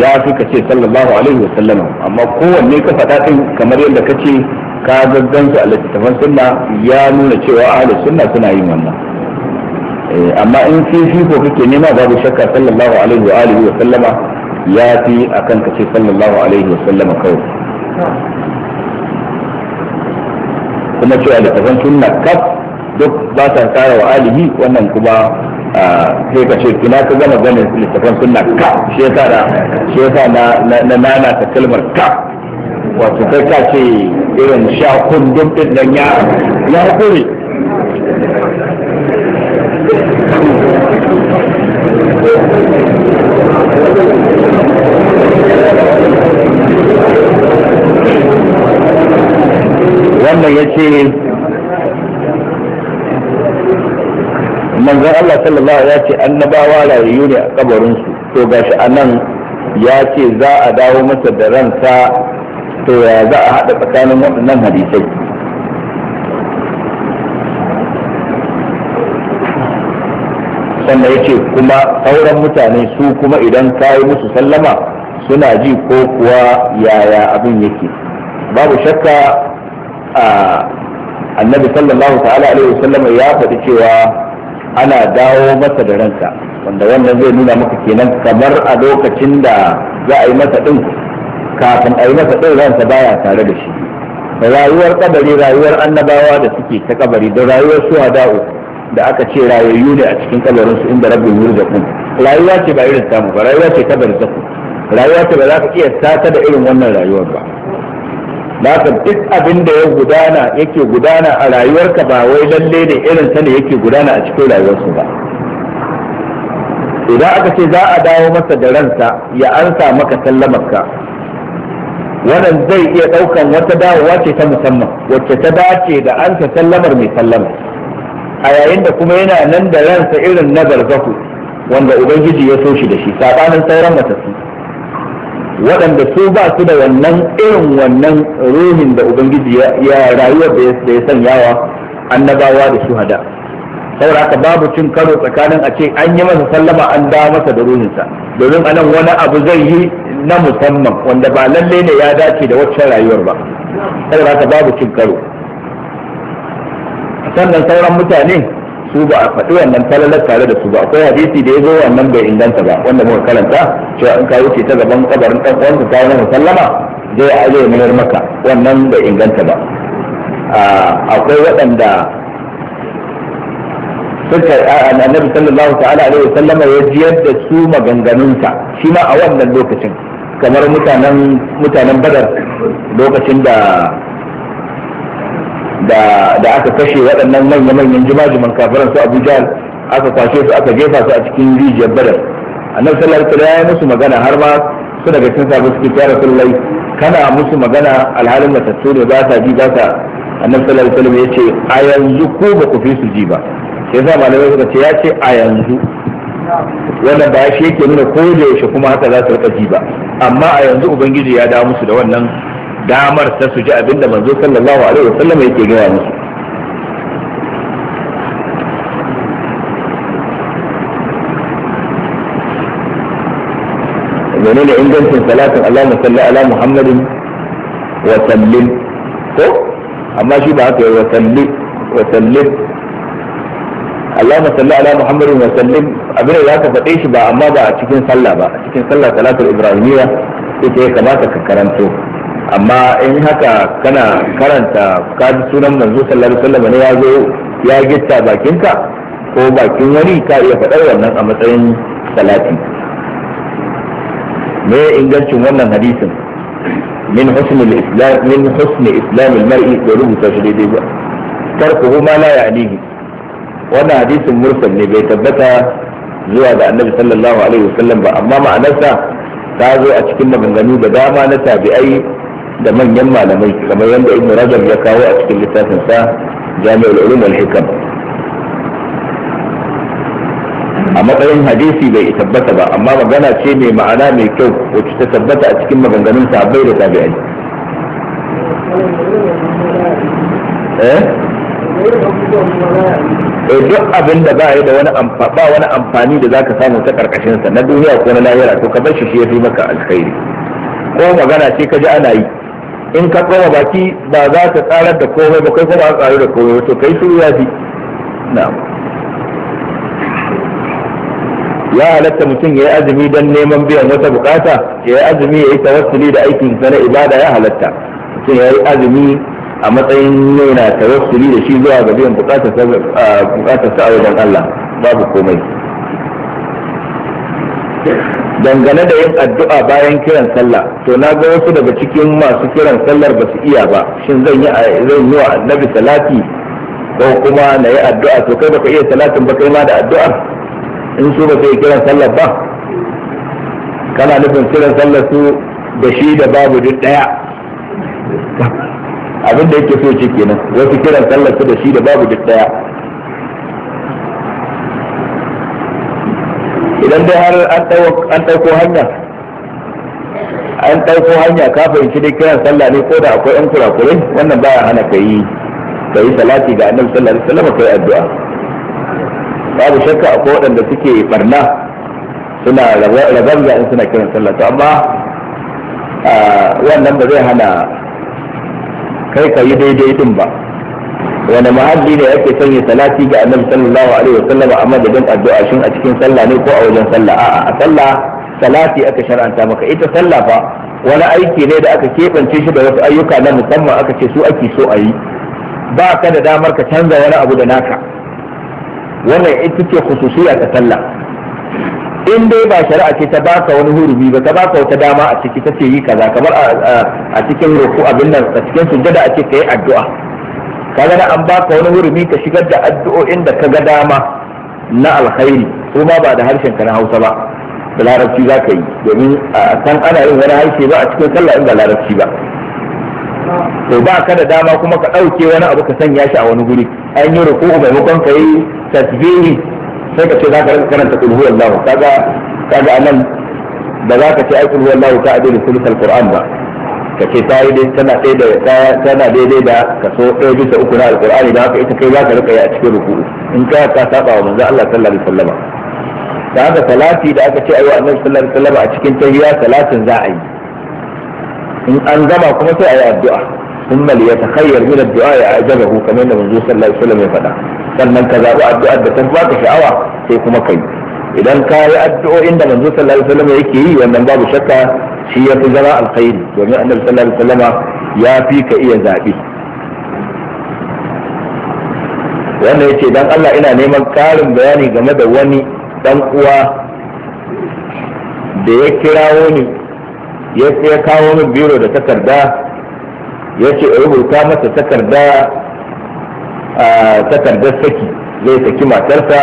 ya fi ka ce sallallahu alaihi wa sallama amma kowanne ka faɗa din kamar yadda ka ce ka gaggansu a littattafan sunna ya nuna cewa ahlus sunna suna yin wannan Eh, amma in fifiko kake nema babu shakka sallallahu alaihi wa alihi wa sallama ya fi akan ka ce sallallahu alaihi wa sallama kawai kuma cewa da kafan sunna kaf duk ba ta tsara wa alihi wannan kuma sai ka ce tuna ka gama gane littafan sunna ka shi yasa na shi yasa na na nana ta kalmar ka wato kai ka ce irin sha kun duk din nan ya ya hakuri ce manzon Allah sallallahu ya ce annabawa rayu ne a kabarinsu to gashi a nan ya ce za a dawo masa da ransa to ya za a haɗa tsakanin waɗannan hadisai sannan ya ce kuma sauran mutane su kuma idan ka yi musu sallama suna ji ko kuwa yaya abin yake babu shakka annabi sallallahu ta'ala alaihi wasallam ya faɗi cewa ana dawo masa da ransa wanda wannan zai nuna maka kenan kamar a lokacin da za a yi masa din kafin a yi masa din ransa baya tare da shi rayuwar kabari rayuwar annabawa da suke ta kabari da rayuwar suhada'u da aka ce rayayyu ne a cikin kabarin su inda rabbin ku. rayuwa ce ba irin samu ba rayuwa ce ta ku rayuwa ce ba za ka iya sata da irin wannan rayuwar ba haka duk abin da ya gudana yake gudana a rayuwarka ba wai lalle ne irin sa ne yake gudana a cikin rayuwarsu ba idan aka ce za a dawo masa da ransa ya ansa maka sallamarka wannan zai iya ɗaukan wata dawowa ce ta musamman wacce ta dace da ansa sallamar mai sallama a yayin da kuma yana nan da ransa irin na gargaku wanda ubangiji ya so shi da shi sabanin sauran matattu waɗanda su ba su da wannan irin wannan ruhin da ubangiji ya rayuwar da ya sanyawa annabawa da shuhada saboda haka babu cin karo tsakanin a ce an yi masa sallama an dawo masa da ruhinsa domin a nan wani abu zai yi na musamman wanda ba lalle ne ya dace da waccan rayuwar ba saboda haka babu cin karo sannan sauran mutane su ba a faɗi wannan talalar tare da su ba akwai hadisi da ya zo wannan bai inganta ba wanda muka karanta cewa in ka wuce ta gaban kabarin ɗan uwanka ka na sallama zai a zai mayar maka wannan bai inganta ba akwai waɗanda suka annabi sallallahu ta'ala alaihi sallama ya jiyar da su maganganunsa shi ma a wannan lokacin kamar mutanen mutanen badar lokacin da da aka kashe waɗannan manya-manyan jima-jiman kafiran su abu jihar aka kwashe su aka jefa su a cikin rijiyar badar a nan alaihi ya musu magana har ma su daga cikin sabu suke ya sallai kana musu magana alhalin matattu ne ba ta ji ba ta annabi sallallahu alaihi ya ce a yanzu ko ba ku fi su ji ba sai yasa malamai suka ce ya ce a yanzu wannan ba shi yake nuna ko da yaushe kuma haka za su rika ji ba amma a yanzu ubangiji ya dawo musu da wannan damar ta su ji abinda manzo sallallahu alaihi wasallam yake gaya musu menene ingancin salatin mu salli ala Muhammadin wa sallim ko amma shi ba haka wa salli wa sallim mu salli ala Muhammadin wa sallim abin da ka faɗe shi ba amma ba a cikin sallah ba a cikin sallah salatul ibrahimiyya ita ya kamata ka karanto amma in haka kana karanta ka ji sunan manzo sallallahu alaihi wasallam ne ya zo ya gitta bakinka ko bakin wani ka iya faɗar wannan a matsayin salati me ingancin wannan hadisin min husnul islam min husni islam almar'i da rubuta shi daidai ba tarkuhu ma la ya'nihi wannan hadisin mursal ne bai tabbata zuwa ga annabi sallallahu alaihi wasallam ba amma ma'anarsa ta zo a cikin maganganu da dama na tabi'ai da manyan malamai kamar yadda ibn rajab ya kawo a cikin littafin sa jami'ul ulum wal hikam a matsayin hadisi bai tabbata ba amma magana ce mai ma'ana mai kyau wacce ta tabbata a cikin maganganun sahabbai da tabi'ai eh, eh duk abin da ba da wani ba wani amfani da zaka samu ta karkashin sa na duniya ko na lahira to ka bar shi shi yafi maka alkhairi ko magana ce ka ji ana yi in ka tsoma baki ba za ta tsarar da komai ba kai kuma a tsari da komai to kai shiru ya fi ya halatta mutum ya yi azumi don neman biyan wata bukata ya yi azumi ya yi tawassuli da aikin sa na ibada ya halatta mutum ya yi azumi a matsayin nuna tawassuli da shi zuwa ga biyan bukatar sa a wajen Allah babu komai dangane da yin addu'a bayan kiran sallah to na ga wasu daga cikin masu kiran sallar ba su iya ba shin zan yi zan yi wa annabi salati ko kuma na yi addu'a to kai baka iya salatin ba kai ma da addu'a in su ba su yi kiran sallar ba kana nufin kiran sallar su da shi da babu duk daya abin da yake so ce kenan wasu kiran sallar su da shi da babu duk daya idan dai har an ɗauko hanya an ɗauko hanya ka fahimci dai kiran sallah ne ko da akwai yan kurakurai wannan baya hana ka yi ka yi salati ga annabi sallallahu alaihi wasallam kai addu'a babu shakka akwai waɗanda suke barna suna rabar in suna kiran sallah to amma ah, wannan ba zai hana kai ka yi daidai din ba wani ma'addi ne ake sanya salati ga annabi sallallahu alaihi wasallam a madadin addu'a shin a cikin sallah ne ko a wajen sallah a'a a sallah salati aka shar'anta maka ita sallah fa wani aiki ne da aka keɓance shi da wasu ayyuka na musamman aka ce su ake so a yi ba ka da damar ka canza wani abu da naka wannan ita ce khususiya ta sallah in dai ba shari'a ce ta baka wani hurumi ba ta baka wata dama a ciki ta ce yi kaza kamar a cikin ruku abin nan a cikin sujjada a ce ka yi addu'a kaga da an baka wani hurumi ka shigar da addu'o'in da ka ga dama na alkhairi su ma ba da harshen ka na Hausa ba da larabci za ka yi domin a san ana yin wani harshe ba a cikin sallah in ba larabci ba to ba ka da dama kuma ka ɗauke wani abu ka sanya shi a wani guri an yi ruku maimakon ka yi tasbihi sai ka ce za ka rinka karanta kulhu wallahu kaga kaga anan ba za ka ce ai kulhu wallahu ta adil sulutul qur'an ba ka ce ta yi tana daidai da kaso ɗaya bisa uku na alkur'ani da haka ita kai za ka rika yi a cikin ruku'u in ka ka saba wa manzo Allah sallallahu alaihi wasallam da haka salati da aka ce ayi wa annabi sallallahu alaihi wasallam a cikin tahiyya salatin za a yi in an gama kuma sai a yi addu'a ثم ليتخير من الدعاء أعجبه كما أن الرسول صلى الله عليه وسلم faɗa. sannan ka zaɓi addu'ar da ta baka sha'awa sai kuma kai idan ka yi addu'o'in da manzo sallallahu alaihi wasallam yake yi wannan babu shakka shi ya fi zama alkhairi domin annabi sallallahu alaihi wasallam ya fi ka iya zaɓe. wannan yace dan Allah ina neman ƙarin bayani game da wani dan uwa da ya kirawo ni ya ya kawo min biro da takarda ya ce rubuta masa takarda a takardar saki zai saki matarsa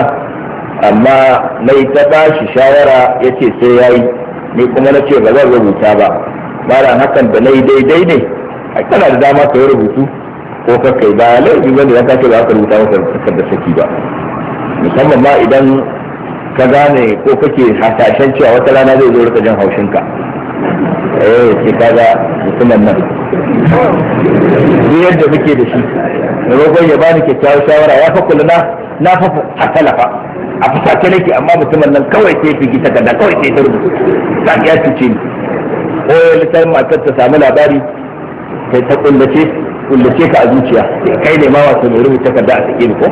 amma mai ta ba shi shawara ya ce sai ya yi ni kuma na ce ba zan rubuta ba bayan hakan da na yi daidai ne ai kana da dama ka yi rubutu ko ka kai ba laifi ba ne ya kace ba ka rubuta masa da saki ba musamman ma idan ka gane ko kake hasashen cewa wata rana zai zo rika jin haushinka eh sai kaga mutumin nan yadda muke da shi rogon ya bani kyakkyawar shawara ya fa kullu na fa talafa, a fusace nake amma mutumin nan kawai sai fi gita da kawai sai ta rubuta ta ya cuce ni ko littafin matar ta samu labari sai ta kullace kullace ka a zuciya kai ne ma wato mai rubuta takarda a ni ko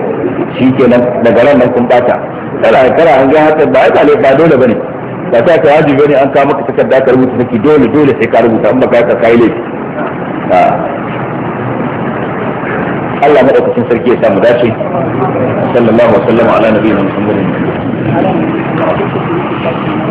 shi ke nan, daga ran nan kun bata kana kana an ga haka ba ai ba dole bane ba ta ka wajibi ne an kawo maka takarda ka rubuta take dole dole sai ka rubuta amma ka ka kai laifi ah. Allah madaukakin sarki ya sa mu dace sallallahu alaihi wa sallam ala nabiyina muhammadin